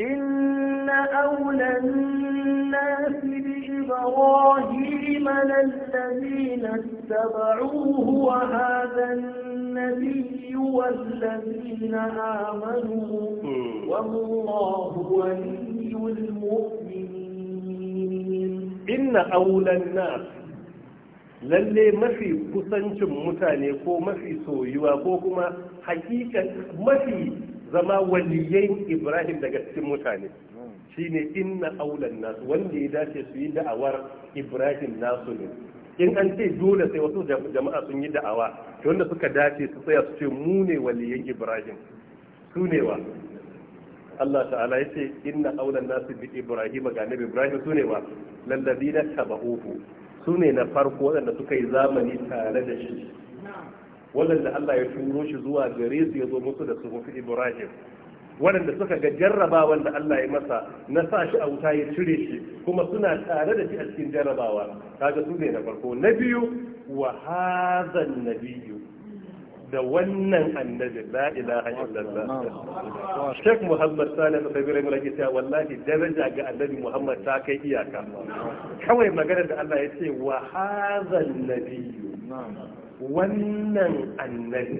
إن أولى الناس بإبراهيم للذين اتبعوه وهذا النبي والذين آمنوا والله ولي المؤمنين إن أولى الناس lalle mafi kusancin mutane ko mafi soyuwa ko kuma hakikan mafi zama waliyyai ibrahim daga cikin mutane shine inna aulan nasu wanda ya dace su yi da'awar ibrahim nasu ne in an ce dole sai wasu jama'a sun yi da'awa to wanda suka dace su tsaya su ce mu ne waliyan ibrahim su ne wa Allah ta'ala ya ce inna aulan nasu bi ibrahim ga nabi ibrahim su ne wa lallazina tabahuhu su ne na farko waɗanda suka yi zamani tare da shi waɗanda Allah ya turo shi zuwa gare su ya zo musu da su Ibrahim waɗanda suka ga jarrabawan da Allah ya masa na sa shi a wuta ya cire shi kuma suna tare da shi a cikin jarrabawa kaga su ne na farko na biyu wa hazan nabiyyu da wannan annabi la ilaha illallah Sheikh Muhammad Sani da Sabiru Ibrahim Lagi ta wallahi daraja ga annabi Muhammad ta kai iyaka kawai magana da Allah ya ce wa hadhal nabi wannan annabi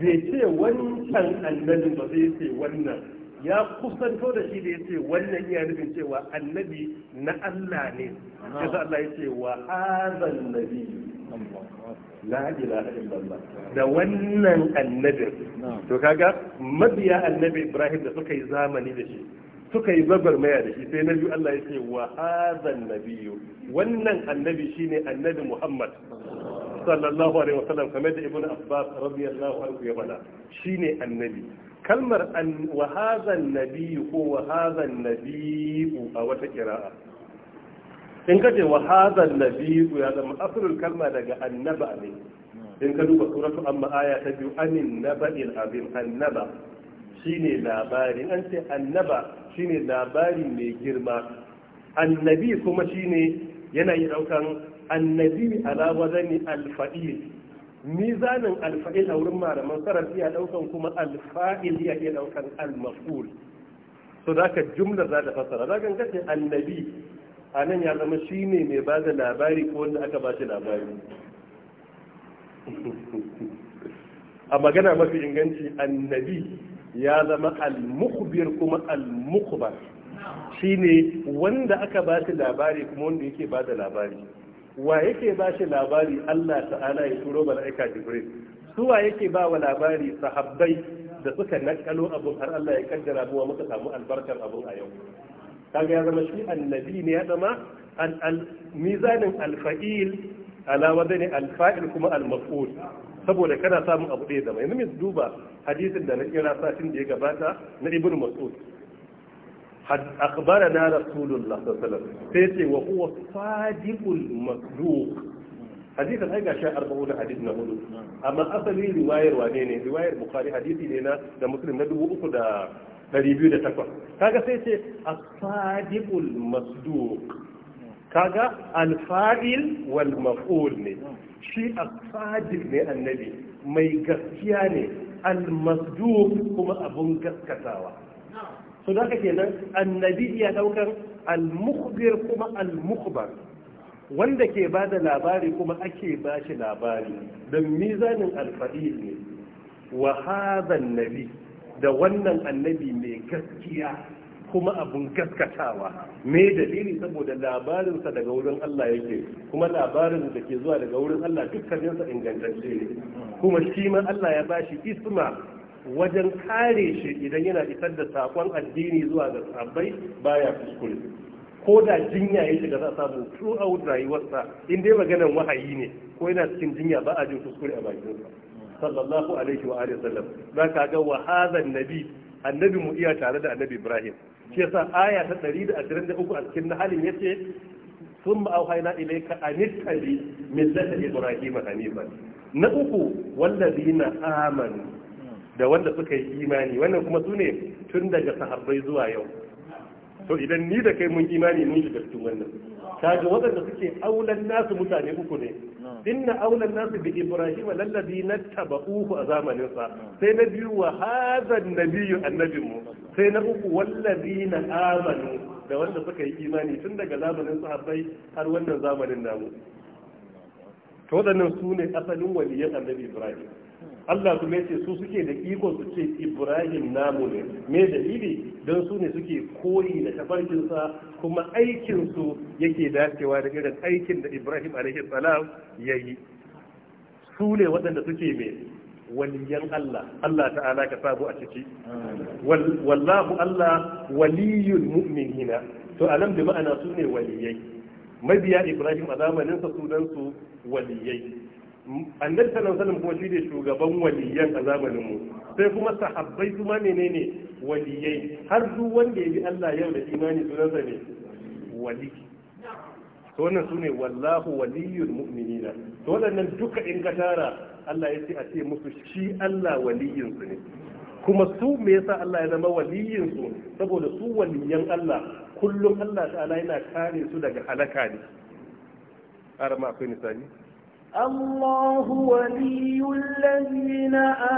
bai ce wancan annabi ba zai ce wannan ya kusanto da shi da ya ce wannan iya nufin cewa annabi na Allah ne ya sa Allah ya ce wa hazan nabi la ilaha illallah da wannan annabin to kaga mabiya annabi Ibrahim da suka yi zamani da shi suka yi maya da shi sai na biyu Allah ya ce wa hazan nabiyyu wannan annabi shine annabi Muhammad sallallahu alaihi wasallam kamar da ibnu abbas radiyallahu anhu ya bada shine annabi kalmar wa hazan ko wahazan hazan a wata kira'a in kace wa hazan ya zama asirin kalma daga annaba ne in ka duba suratu amma aya ta biyu anin naba'il abin annaba shine labari an ce annaba shine labari mai girma annabi kuma shine yana yi daukan annabi alawazani alfa'il mizanin alfa'il a wurin malaman sarrafi ya daukan kuma alfa'il iya iya daukan almaf'ul so da ka jumla za ta fasara za ka kace annabi a nan ya zama shi ne mai ba da labari ko wanda aka ba shi labari a magana mafi inganci annabi ya zama almukbir kuma shi shine wanda aka ba shi labari kuma wanda yake ba da labari wa yake ba shi labari Allah ta'ala ya turo mala'ika Jibril su wa yake ba wa labari sahabbai da suka nakalo abun har Allah ya kaddara mu muka samu albarkar abu a yau kaga ya zama shi annabi ne ya zama al mizanin al-fa'il ala wadani al-fa'il kuma al-maf'ul saboda kada samun abu ɗaya zama yanzu mai duba hadisin da na kira satin da ya gabata na ibnu mas'ud akbara na rasulun lasasalar sai ce wa kuwa fadikul makduk hadisan haika sha arba'u da hadis na hudu amma asali riwayar wane ne riwayar bukari hadisi ne da muslim na dubu uku da ɗari biyu da takwas kaga sai ce fadikul makduk kaga alfa'il wal maf'ul ne shi fadik ne annabi mai gaskiya ne al kuma abun gaskatawa to da haka kenan annabi ya daukar al-mukhbir kuma al-mukhbar wanda ke ba da labari kuma ake ba shi labari don mizanin alfa'il ne wa hadha nabi da wannan annabi mai gaskiya kuma abun gaskatawa me dalili saboda labarinsa daga wurin Allah yake kuma labarin da ke zuwa daga wurin Allah dukkaninsa ingantacce ne kuma shi ma Allah ya bashi isma wajen kare shi idan yana isar da sakon addini zuwa ga sabai baya kuskure ko da jinya ya shiga za a samu throughout rayuwarsa in dai maganan wahayi ne ko yana cikin jinya ba a jin kuskure a bakinsa sallallahu alaihi wa alihi wasallam za ka ga wa hadhan nabi annabi mu iya tare da annabi ibrahim shi yasa aya ta 123 a cikin nahalin yace ثم أوحينا إليك أن اتبع ملة إبراهيم حنيفا نأكو والذين آمنوا da wanda suka yi imani wannan kuma su ne tun daga sahabbai zuwa yau to idan ni da kai mun imani mun shiga cikin wannan kaga waɗanda suke aulan nasu mutane uku ne inna aulan nasu bi ibrahim lallazi nattaba'uhu a zamanin sa sai na biyu wa hadha nabiyyu annabin mu sai na uku wallazina amanu da wanda suka yi imani tun daga zamanin sahabbai har wannan zamanin namu to waɗannan su ne asalin waliyan annabi ibrahim Allah kuma yace su suke da ikon su ce Ibrahim namu ne me dalili don su ne suke koyi da tafarkin sa kuma aikin su yake dacewa da irin aikin da Ibrahim alaihi salam yayi su ne waɗanda suke mai waliyan Allah Allah ta'ala ka sabu a ciki wallahu Allah waliyul mu'minina to alam bi ma'ana su ne waliyai mabiya Ibrahim a zamanin sa su waliyai annabi sallallahu alaihi kuma shi ne shugaban waliyan a zamanin mu sai kuma sahabbai kuma menene waliyai har duk wanda ya bi Allah yau da imani sunansa ne wali to wannan sune wallahu waliyul mu'minina to wannan duka in ka tara Allah ya ce a ce musu shi Allah waliyin su ne kuma su me yasa Allah ya zama waliyin su saboda su waliyan Allah kullum Allah ta'ala yana kare su daga halaka ne ma akwai misali الله ولي الذين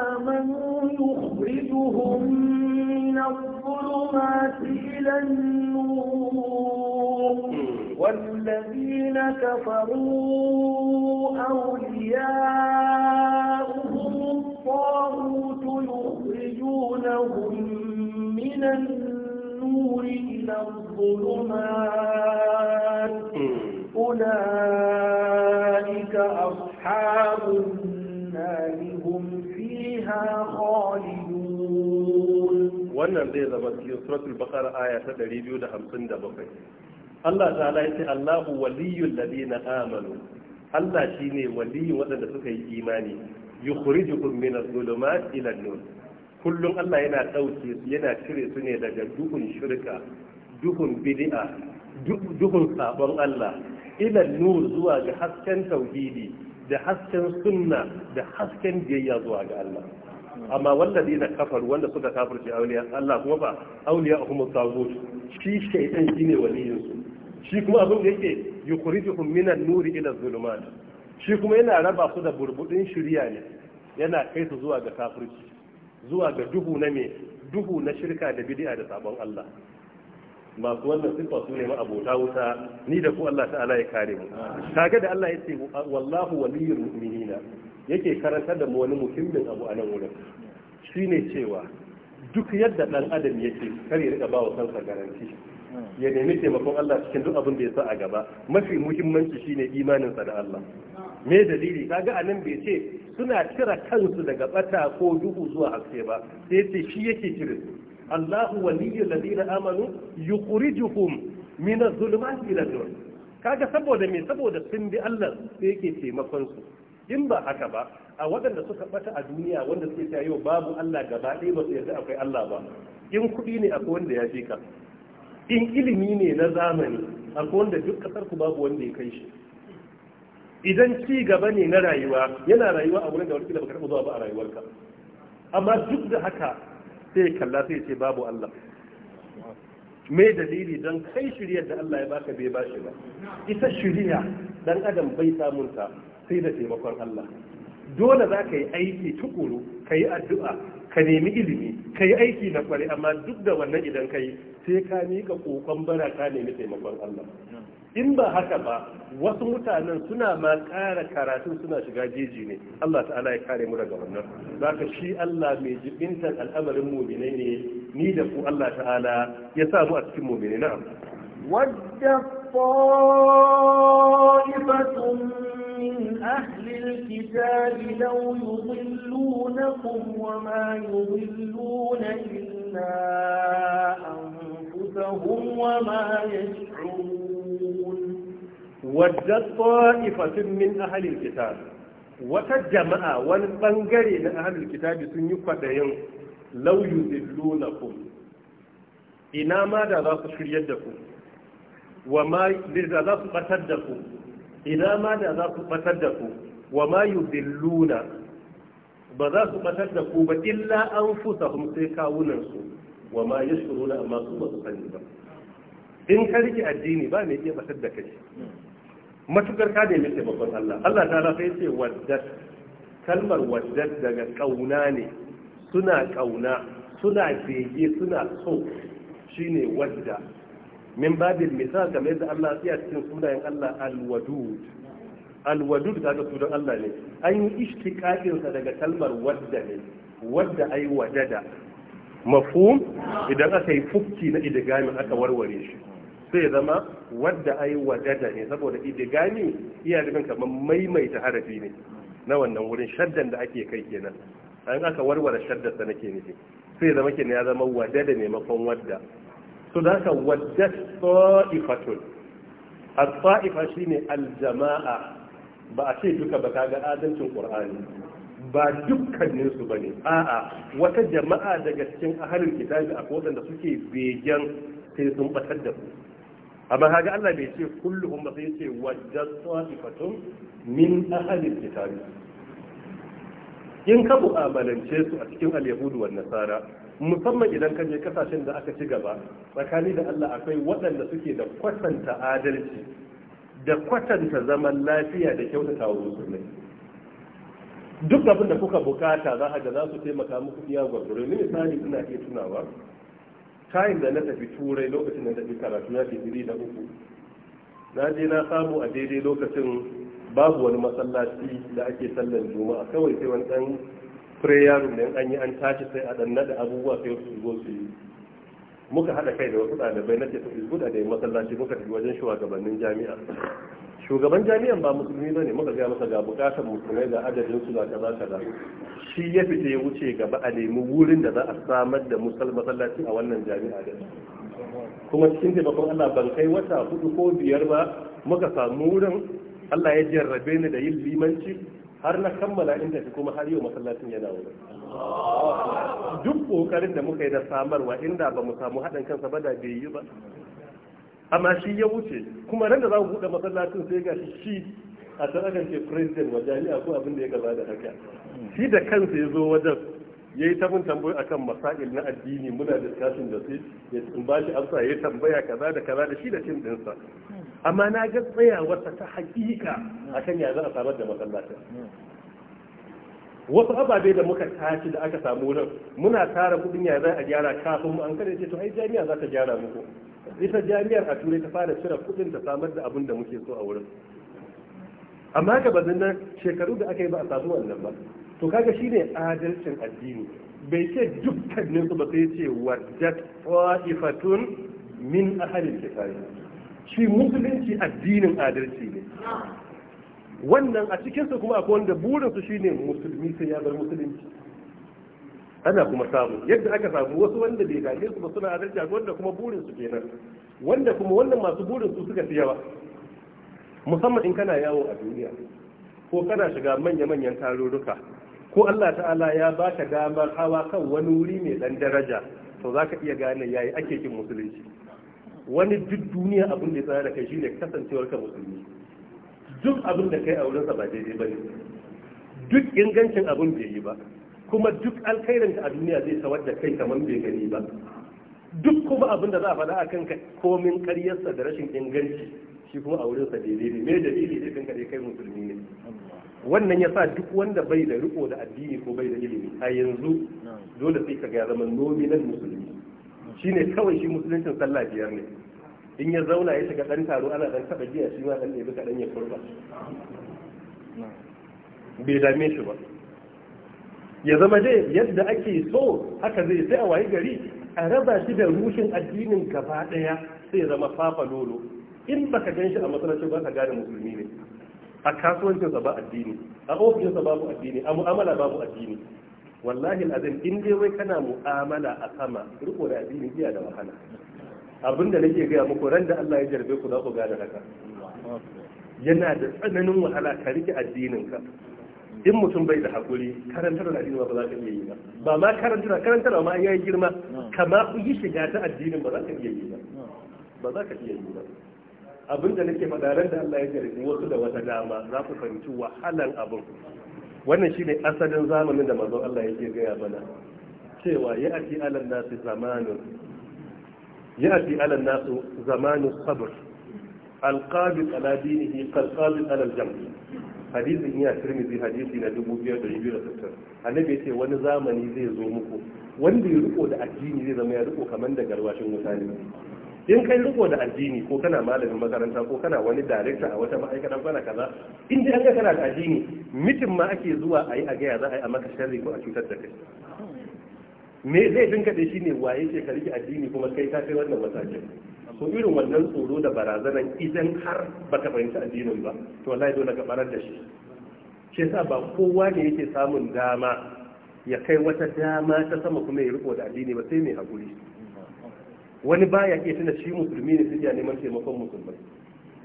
آمنوا يخرجهم من الظلمات إلى النور والذين كفروا أولياؤهم الطاغوت يخرجونهم من النور إلى الظلمات أولئك أصحاب النار هم فيها خالدون wannan zai zama cikin suratul baqara aya ta 257 Allah ta'ala yace Allahu waliyul ladina amanu Allah shine waliyin waɗanda suka yi imani yukhrijukum min adh-dhulumat ila an-nur kullum Allah yana ɗauke su yana cire su ne daga duhun shirka duhun bid'a duhun sabon Allah ilan nur zuwa ga hasken tauhidi da hasken sunna da hasken biyayya zuwa ga Allah amma wallazi na kafar wanda suka kafirce auliya Allah kuma ba auliya kuma tsagut shi shaytan shine waliyin su shi kuma abin da yake yukhrijuhum minan nuri ila zulumat shi kuma yana raba su da burbudin shiriya ne yana kai su zuwa ga kafirci zuwa ga duhu na me duhu na shirka da bid'a da sabon Allah masu wannan sifa su ne ma'abota wuta ni da ku Allah ta'ala ya kare mu kaga da Allah ce wallahu waliyul mu'minina yake karantar da mu wani muhimmin abu a nan wurin shine cewa duk yadda dan adam yake kar ya rika ba wa kansa garanti ya nemi taimakon Allah cikin duk abin da ya sa a gaba mafi muhimmanci shine imaninsa da Allah me dalili kaga anan bai ce suna cira kansu daga bata ko duhu zuwa haske ba sai ce shi yake cire su Allahu waliyul ladina amanu yukhrijuhum min adh-dhulumati ila nur kaga saboda me saboda sun bi Allah sai yake taimakon su in ba haka ba a waɗanda suka bata a duniya wanda suke cewa yau babu Allah gaba ɗaya ba su yarda akwai Allah ba in kuɗi ne akwai wanda ya fi ka in ilimi ne na zamani akwai wanda duk kasar ku babu wanda ya kai shi idan ci gaba ne na rayuwa yana rayuwa a wurin da wani baka taɓa zuwa ba a rayuwarka amma duk da haka sai kalla sai ce babu Allah me dalili don kai shirya da Allah ya baka bai ba shi ba ita shirya dan adam bai samun ta sai da taimakon Allah dole za ka yi aiki tukuru ka yi addu'a ka nemi ilimi ka yi aiki na kwari amma duk da wannan idan ka yi sai ka miƙa kokon bara ka nemi taimakon Allah in ba haka ba wasu mutanen suna ma kara karatun suna shiga jeji ne Allah ta'ala ya kare mu daga wannan zaka shi Allah mai jibintar al'amarin mu'minai ne ni da ku Allah ta'ala ya sa mu a cikin mu'minai na'am wadda ta'ifatun min ahli alkitab law yudhillunakum wa ma yudhilluna illa anfusahum wa ma yash'urun wadda ta'ifatun min ahlil kitab wata jama'a wani bangare na ahlul kitabi sun yi kwadayin law ku. ina ma da za su shiryar da ku wa ma da za su batar da ku ina ma da za su batar da ku wa ma yudilluna ba za su batar da ku ba illa anfusahum sai kawunan su wa ma yashuruna amma su ba su sani ba in ka rike addini ba ne ke batar da kai matukar ka nemi taimakon Allah Allah ta lafa yace waddat kalmar waddat daga kauna ne suna kauna suna bege suna so shine wadda min babil misal kamar yadda Allah ya cikin sunayen Allah alwadud alwadud kaga sunan Allah ne an yi ishtiqaqin sa daga kalmar wadda ne wadda ai wadada mafhum idan aka yi fukki na idgamin aka warware shi sai zama wadda ai wadada ne saboda idigami iya rubin kamar maimaita harafi ne na wannan wurin shaddan da ake kai kenan an aka warware shaddar da nake nufi sai zama kenan ya zama wadada ne makon wadda so da haka wadda sa'ifatun as-sa'ifa shine al-jama'a ba a ce duka ba kaga adalcin qur'ani ba dukkanin su bane a'a wata jama'a daga cikin ahalin kitabi a waɗanda suke begen sai sun batar da su amma kaga Allah bai ce kulluhum ba sai ce wajjat ta'ifatun min ahli kitab in ka mu'amalance su a cikin al-yahudu wan nasara musamman idan ka je kasashen da aka ci gaba tsakani da Allah akwai waɗanda suke da kwatanta adalci da kwatanta zaman lafiya da kyautata wa musulmai duk abin da kuka bukata za a ga za su taimaka muku iya gwargwaro ne misali ina iya tunawa kayan da na tafi turai lokacin da tafi karatu na digiri da uku na je na samu a daidai lokacin babu wani masallaci da ake sallan juma'a kawai sai wani dan prayer room an yi an tashi sai a dan nada abubuwa sai su zo su yi muka haɗa kai da wasu ɗalibai na ce su guda da masallaci muka tafi wajen shugabannin jami'a shugaban jami'an ba musulmi ba ne muka gaya masa ga bukatar musulmai ga adadin su ga kaza kaza shi ya fita ya wuce gaba a nemi wurin da za a samar da masallaci a wannan jami'a da kuma cikin taimakon Allah ban kai wata hudu ko biyar ba muka samu wurin Allah ya jarrabe ni da yin limanci har na kammala inda ta kuma har yau masallacin yana wurin duk kokarin da muka yi da samarwa inda ba mu samu haɗin kansa ba da bai yi ba amma shi ya wuce kuma nan da za mu buɗe masallacin sai ga shi a tsarar ke president wa jami'a ko abin da ya gaba da haka shi da kansa ya zo wajen ya yi tabin tambayi a kan masail na addini muna da tashin da su ya ba shi amsa ya tambaya kaza da kaza da shi da cin dinsa amma na ga tsayawarsa ta hakika akan ya za a samar da masallacin wasu ababe da muka tashi da aka samu wurin muna tara kudin ya za a gyara kafin mu an kare ce to ai jami'a za ta gyara muku ita jami'ar a turai ta fara cire kudin ta samar da abin da muke so a wurin amma haka bazin nan shekaru da aka yi ba a samu wannan ba to kaga shi ne adalcin addini bai ce ne su ba sai ce wajat fa'ifatun min ahalin kitabi shi musulunci addinin adalci ne wannan a cikinsa kuma akwai wanda burinsu shine musulmi sai ya bar musulunci ana kuma samu yadda aka samu wasu wanda bai gaje su ba suna adalci akwai wanda kuma burinsu kenan wanda kuma wannan masu burinsu suka fi yawa musamman in kana yawo a duniya ko kana shiga manya-manyan tarurruka ko Allah ta'ala ya ba ka damar hawa kan wani wuri mai dan daraja to za ka iya gane yayi ake kin musulunci wani duk duniya abin da ya tsaya da kai shine kasancewar ka musulmi duk abin da kai a wurinsa ba daidai ba ne duk ingancin abin bai yi ba kuma duk alkhairin ka a duniya zai sawar da kai kamar bai gani ba duk kuma abin da za a faɗa a kanka komin karyarsa da rashin inganci shi kuma a wurin sa daidai ne me dalili ne kanka dai kai musulmi ne wannan yasa duk wanda bai da riko da addini ko bai da ilimi a yanzu dole sai kaga ya zama nan musulmi shine kawai shi musuluncin sallah biyar ne in ya zauna ya shiga dan taro ana dan taba giya shi ma dan ne bisa dan ya kurba bai dame shi ba ya zama dai yadda ake so haka zai sai a wayi gari a raba shi da rushin addinin gaba daya sai zama fafa lolo in ka gan shi a masallaci ba ka gane musulmi ne a kasuwancinsa ba addini a ofinsa babu addini a mu'amala babu addini wallahi azim in dai wai kana mu'amala a sama riko da addini biya da wahala da nake gaya muku ran da Allah ya jarbe ku za ku gane haka yana da tsananin wahala ka rike addinin ka in mutum bai da hakuri karantar da addini ba za ka iya yi ba ba ma karantar karantar ma ya yi girma kama ku yi shiga ta addinin ba za ka iya yi ba ba za ka iya yi ba Abin da nake madaran da Allah ya garbi wasu da wata dama za ku fahimci wahalan abin wannan shine asalin zamanin da manzon Allah yake gaya mana cewa ya ati alan nasu zamanu ya ati alan nasu zamanu sabr alqabid ala dinihi qalqabid hadisi aljamb hadisin ya tirmidhi hadisi na 2260 annabi ya ce wani zamani zai zo muku wanda ya riko da addini zai zama ya riko kaman da garwashin mutane in kai riko da addini ko kana malamin makaranta ko kana wani darekta a wata ma'aikatan kana kaza in dai an ga kana da addini mitin ma ake zuwa a yi a gaya za a yi a maka sharri ko a cutar da kai me zai dinka da shine waye ce ka rike addini kuma kai ka kai wannan matakin so irin wannan tsoro da barazanan idan har baka fahimci addinin ba to wallahi dole ka barar da shi shi yasa ba kowa ne yake samun dama ya kai wata dama ta sama kuma ya riko da addini ba sai mai hakuri wani baya ke tuna shi musulmi ne suke neman taimakon musulmai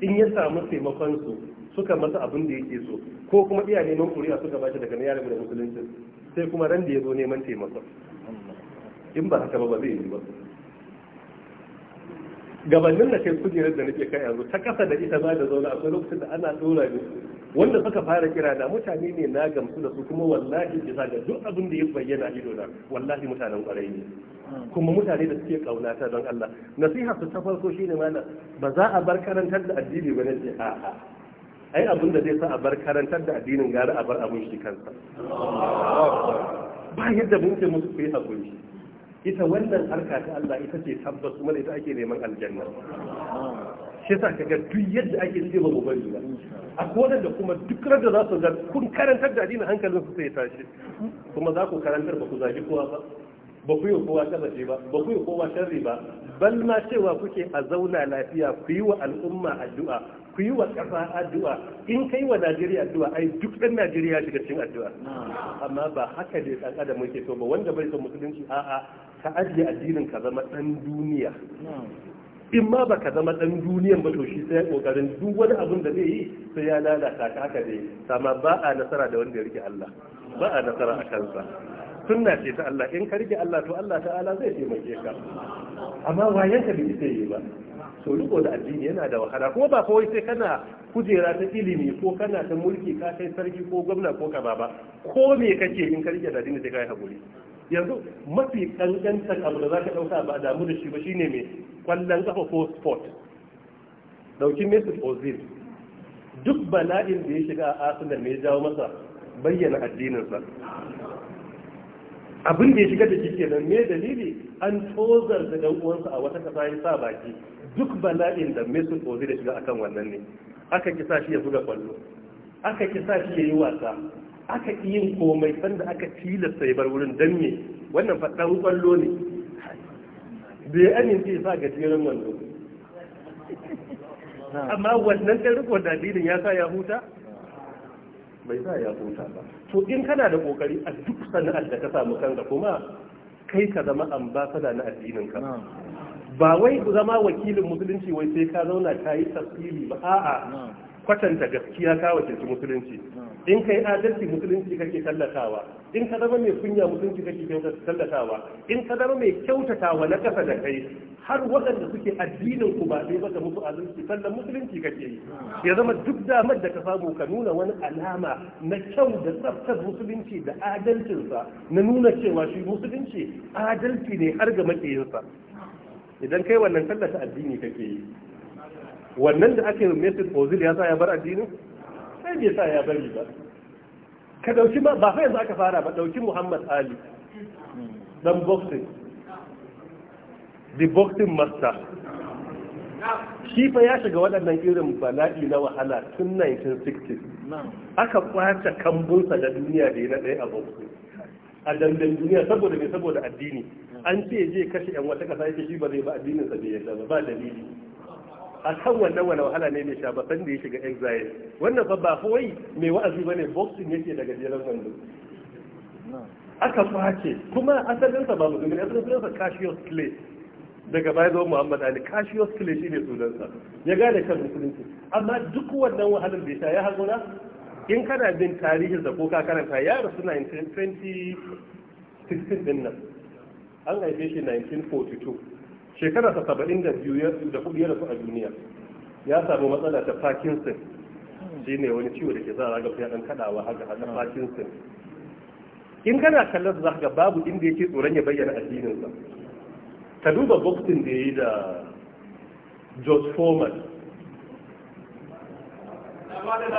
in ya samu taimakon su suka masa abin da yake so ko kuma iya neman kuri'a suka bashi daga na yarabu da musulunci sai kuma ran da ya zo neman taimakon in ba haka ba ba zai yi ba gabanin na kai kujerar da nake kai yanzu ta kasa da ita ba da zaune akwai lokacin da ana dora ne wanda suka fara kira da mutane ne na gamsu da su kuma wallahi bisa ga duk abin da ya bayyana ido na wallahi mutanen kwarai ne kuma mutane da suke kaunata don Allah nasiha su ta farko shine mana ba za a bar karantar da addini ba ne a'a ai abin da zai sa a bar karantar da addinin gara a bar abin shi kansa ba yadda mun ce musu kuyi abin shi ita wannan harka ta Allah ita ce tabbas kuma ita ake neman aljanna shi sa kaga duk yadda ake ce ba bari ba a kodan da kuma duk da za su ga kun karantar da addinin hankalin su sai tashi kuma za ku karantar ba ku zagi kowa ba ba ku yi kowa tabbace ba ba ku yi kowa sharri ba bal ma cewa kuke a zauna lafiya ku yi wa al'umma addu'a ku yi wa ƙasa addu'a in kai wa Najeriya addu'a ai duk ɗan Najeriya shiga cikin addu'a amma ba haka ne ɗan adam yake so ba wanda bai son musulunci a'a ka ajiye addinin ka zama ɗan duniya in ma baka zama ɗan duniyan ba to shi sai kokarin duk wani abin da zai yi sai ya lalata ka haka dai amma ba a nasara da wanda ya rike Allah ba a nasara a kansa sunna ce ta Allah in ka rike Allah to Allah ta'ala zai taimake ka amma wayan ka bai sai ba to riko da addini yana da wahala ko ba kawai sai kana kujera ta ilimi ko kana ta mulki ka kai sarki ko gwamna ko ka ba ko me kake in ka rike da addini sai kai hakuri yanzu mafi kankantar abu da zaka dauka ba damu da shi ba shine me kwallon kafa ko sport dauki Mesut Ozil duk bala'in da ya shiga a Arsenal mai ya jawo masa bayyana addininsa abin da ya shiga da jike nan me dalili an tozar da dan uwansa a wata kasa ya sa baki duk bala'in da Mesut ozi da shiga akan wannan ne aka kisa shi ya buga kwallo aka kisa shi ya yi wasa aka yin komai sanda aka tilasta ya bar wurin danye. me wannan faɗan kwallo ne bai amince ya sa gajeren wando amma wannan ɗan riko da ya sa ya huta bai sa ya huta ba to in kana da kokari a duk sana'ar da ka samu kanka kuma kai ka zama ambasada na addinin ka ba wai zama wakilin musulunci wai sai ka zauna ka yi tafsiri ba a'a kwatanta gaskiya ka wakilci musulunci in kai adalci musulunci kake tallatawa in ka zama mai kunya musulunci kake tallatawa in ka zama mai kyautatawa na kasa da kai har waɗanda suke addinin ku ba sai baka musu adalci sallan musulunci kake yi ya zama duk damar da ka samu ka nuna wani alama na kyau da tsaftar musulunci da adalcinsa na nuna cewa shi musulunci adalci ne har ga matsayinsa idan kai wannan tallata addini kake yi wannan da ake message ozil ya sa ya bar addinin ai bai sa ya bari ba ka dauki ba ba yanzu aka fara ba dauki Muhammad Ali dan boxing the boxing master shi fa ya shiga waɗannan irin bala'i na wahala tun 1960 aka kwace kambunsa da duniya da yi na ɗaya a boxing a dandan duniya saboda mai saboda addini an ce je kashe yan wata kasa yake shi ba zai ba addinin sa bai yadda ba ba dalili a kan wannan wani wahala ne mai shabasan da ya shiga exile wannan fa ba kawai mai wa'azi ba ne boxing yake daga jeran wando aka kwace kuma asalin sa ba mu asalin sa cassius clay daga baya zo muhammad ali cassius clay shine sunan sa ya gane kan musulunci amma duk wannan wahalar da ya ya hakura in kana bin tarihin da ko ka karanta ya rasu 1920 16 din nan an haife shi 1942 shekara ta saba'in da biyu da kudu ya rasu a duniya ya samu matsala ta parkinson shi ne wani ciwo da ke zara ga fiye ɗan kaɗawa haka haka parkinson in kana kallon za ga babu inda yake tsoron ya bayyana addininsa ka duba boxing da ya yi da george foreman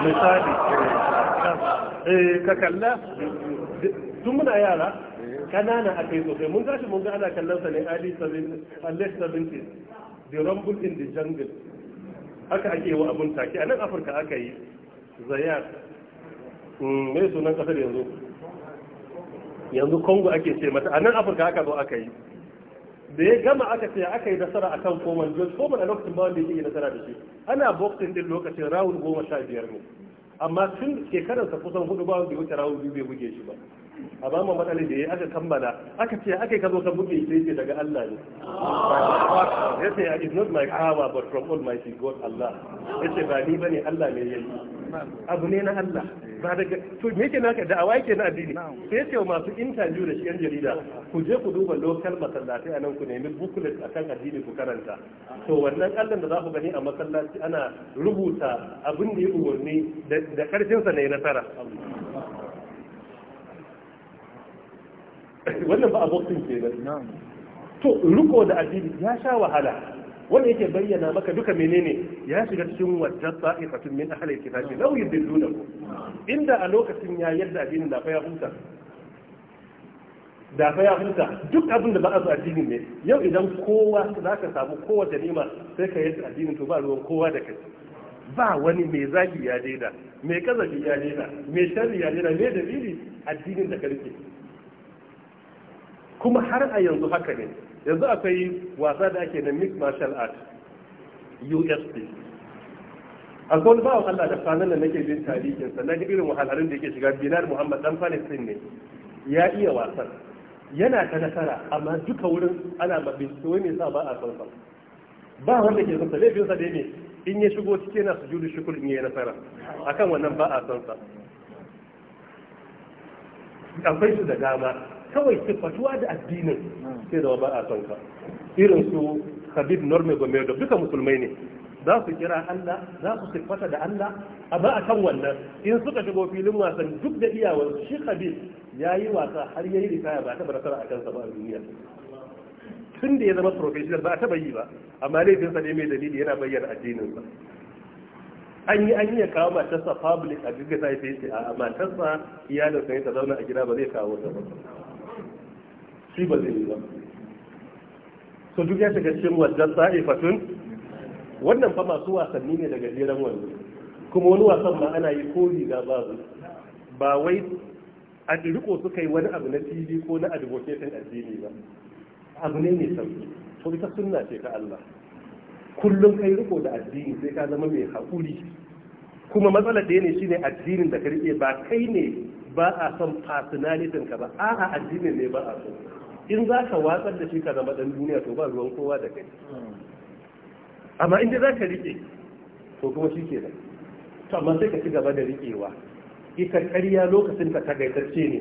misali eh, ka kalla tun muna yara kanana a kai sosai mun tashi mun ga ana kallon sa ne ali sabin allah sabin the rumble in the jungle haka ake yi wa abun take a nan afirka aka yi zayat hmm, me sunan kasar yanzu yanzu congo ake ce mata a nan afirka haka zo aka yi da ya gama aka ce aka yi nasara a kan koman george koman a lokacin bawan da ya yi nasara da shi ana boxing din lokacin rawun goma sha biyar ne amma tun shekararsa kusan hudu bawan da ya wuce rawun biyu bai buge shi ba a ba mu matsalin da ya aka kammala aka ce aka ka ka buɗe sai ce daga Allah ne ya ce it's not my power but from almighty God Allah ya ce ba ni bane Allah ne yayi abu ne na Allah ba daga to me yake naka da awai ke na addini sai ya ce masu interview da shi yan jarida ku je ku duba local masallatai a nan ku nemi booklet akan addini ku karanta to wannan Allah da za ku gani a masallaci ana rubuta abin da ya umarni da karfin sa ne nasara wannan ba a boxing ke ba to riko da addini ya sha wahala wanda yake bayyana maka duka menene ya shiga cikin wajen fatin min ahalai na lau yudilluna ku inda a lokacin ya yadda addinin da fa ya huta da fa ya huta duk abin da ba a zo addinin ne yau idan kowa za ka samu da nima sai ka yadda addinin to ba ruwan kowa da kai ba wani mai zagi ya daina mai kazafi ya daina mai sharri ya daina mai dalili addinin da ka rike kuma har a yanzu haka ne yanzu akwai wasa da ake na mix martial art usp a kawai ba Allah da fanar da nake bin tarihinsa na ga irin wahalarin da yake shiga binar muhammad dan palestine ne ya iya wasan yana ta nasara amma duka wurin ana mabin wai me sa ba a san ba wanda ke san sa laifin sa ne in ya shigo cike na sujudu shukr in yi nasara akan wannan ba a san akwai su da dama kawai siffatuwa da addinin sai da ba a son ka irin su habib norme gomedo duka musulmai ne za su kira Allah za su siffata da Allah ba a kan wannan in suka shigo filin wasan duk da iyawar shi habib ya yi wasa har ya yi ritaya ba ta barasara a kansa ba a duniya tun da ya zama professional ba a taba yi ba amma laifinsa ne mai dalili yana bayyana addininsa an yi an yi ya kawo matarsa public a gaggata ya ce a matarsa sa ne ta zauna a gida ba zai kawo ta ba shi ba zai yi ba so duk ya shiga cikin wajen fatun? wannan fa masu wasanni ne daga jeren wani kuma wani wasan ma ana yi ko riga su ba wai a riko suka yi wani abu na TV ko na advocating addini ba abu ne mai sauki to ita sunna ce ta Allah kullum kai riko da addini sai ka zama mai haƙuri kuma matsalar da ne shine addinin da ka ba kai ne ba a son personality ka ba a'a addinin ne ba a so in za ka watsar da shi ka zama ɗan duniya to ba ruwan kowa da kai amma inda za ka riƙe to kuma shi ke da. to amma sai ka ci gaba da riƙewa ita ƙarya lokacin ka tagaitacce ne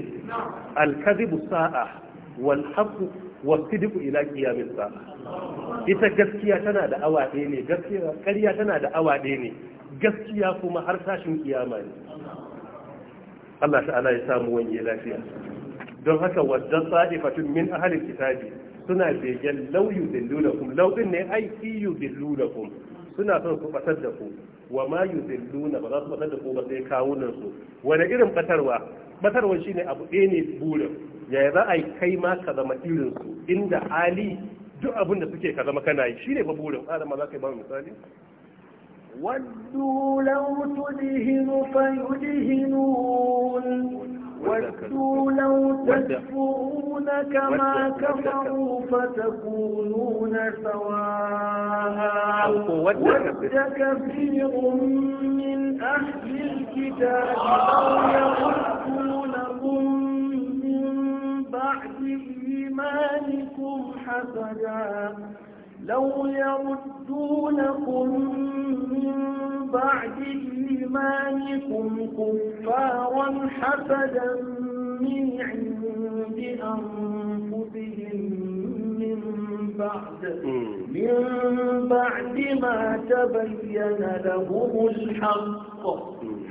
alkazibu sa'a wal haqu wa sidqu ila qiyamis sa'a ita gaskiya tana da awa ɗaya ne gaskiya ƙarya tana da awa ɗaya ne gaskiya kuma har tashin kiyama ne Allah ta'ala ya samu wani lafiya don haka wajen tsa'ifatun min ahalin kitabi suna begen lauyu da kun. lauɗin ne aiki yu ai iyu kun. suna son su ɓatar da ku wa ma yu da yudilluna ba za su ɓatar da ku ba sai kawunan su wani irin ɓatarwa. batarwa shi ne abu ɗaya ne burin yaya za a yi kai ma ka zama irin su inda ali duk abin da suke ka zama kana yi shi shine ba burin adam za ka yi ba misali waddu law tudhinu fayudhinun ودوا لو تكفرون كما كفروا فتكونون سواء ود كثير من أهل الكتاب أو يغفونكم من بعد إيمانكم حسدا لو يردونكم من بعد إيمانكم كفارا حسدا من عند أنفسهم من بعد من بعد ما تبين لهم الحق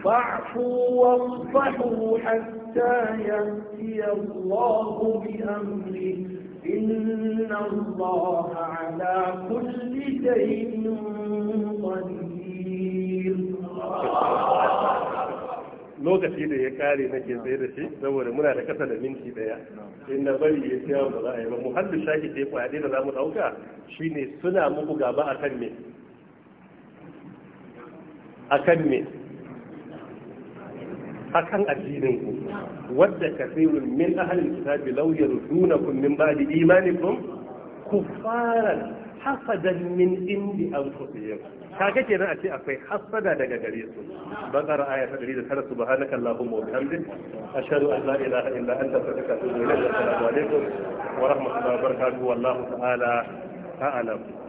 فاعفوا واصفحوا حتى يأتي الله بأمره إن الله على كل شيء قدير lokaci da ya kare ke tsaye da shi saboda muna da kasa da minti daya in na bari ya ce ba za a yi ba muhallin shaki ta yi da za mu ɗauka shine suna muku gaba akan me me akan addinin ku wadda kasirun min ahlil kitabi law yardunakum min ba'di imanikum kuffaran hasadan min indi anfusihim kaga kenan a ce akwai hasada daga gare su bakara aya ta 109 subhanaka allahumma wa bihamdik ashhadu an la ilaha illa anta astaghfiruka wa atubu ilayk assalamu alaikum wa rahmatullahi wa barakatuh wallahu ta'ala a'lam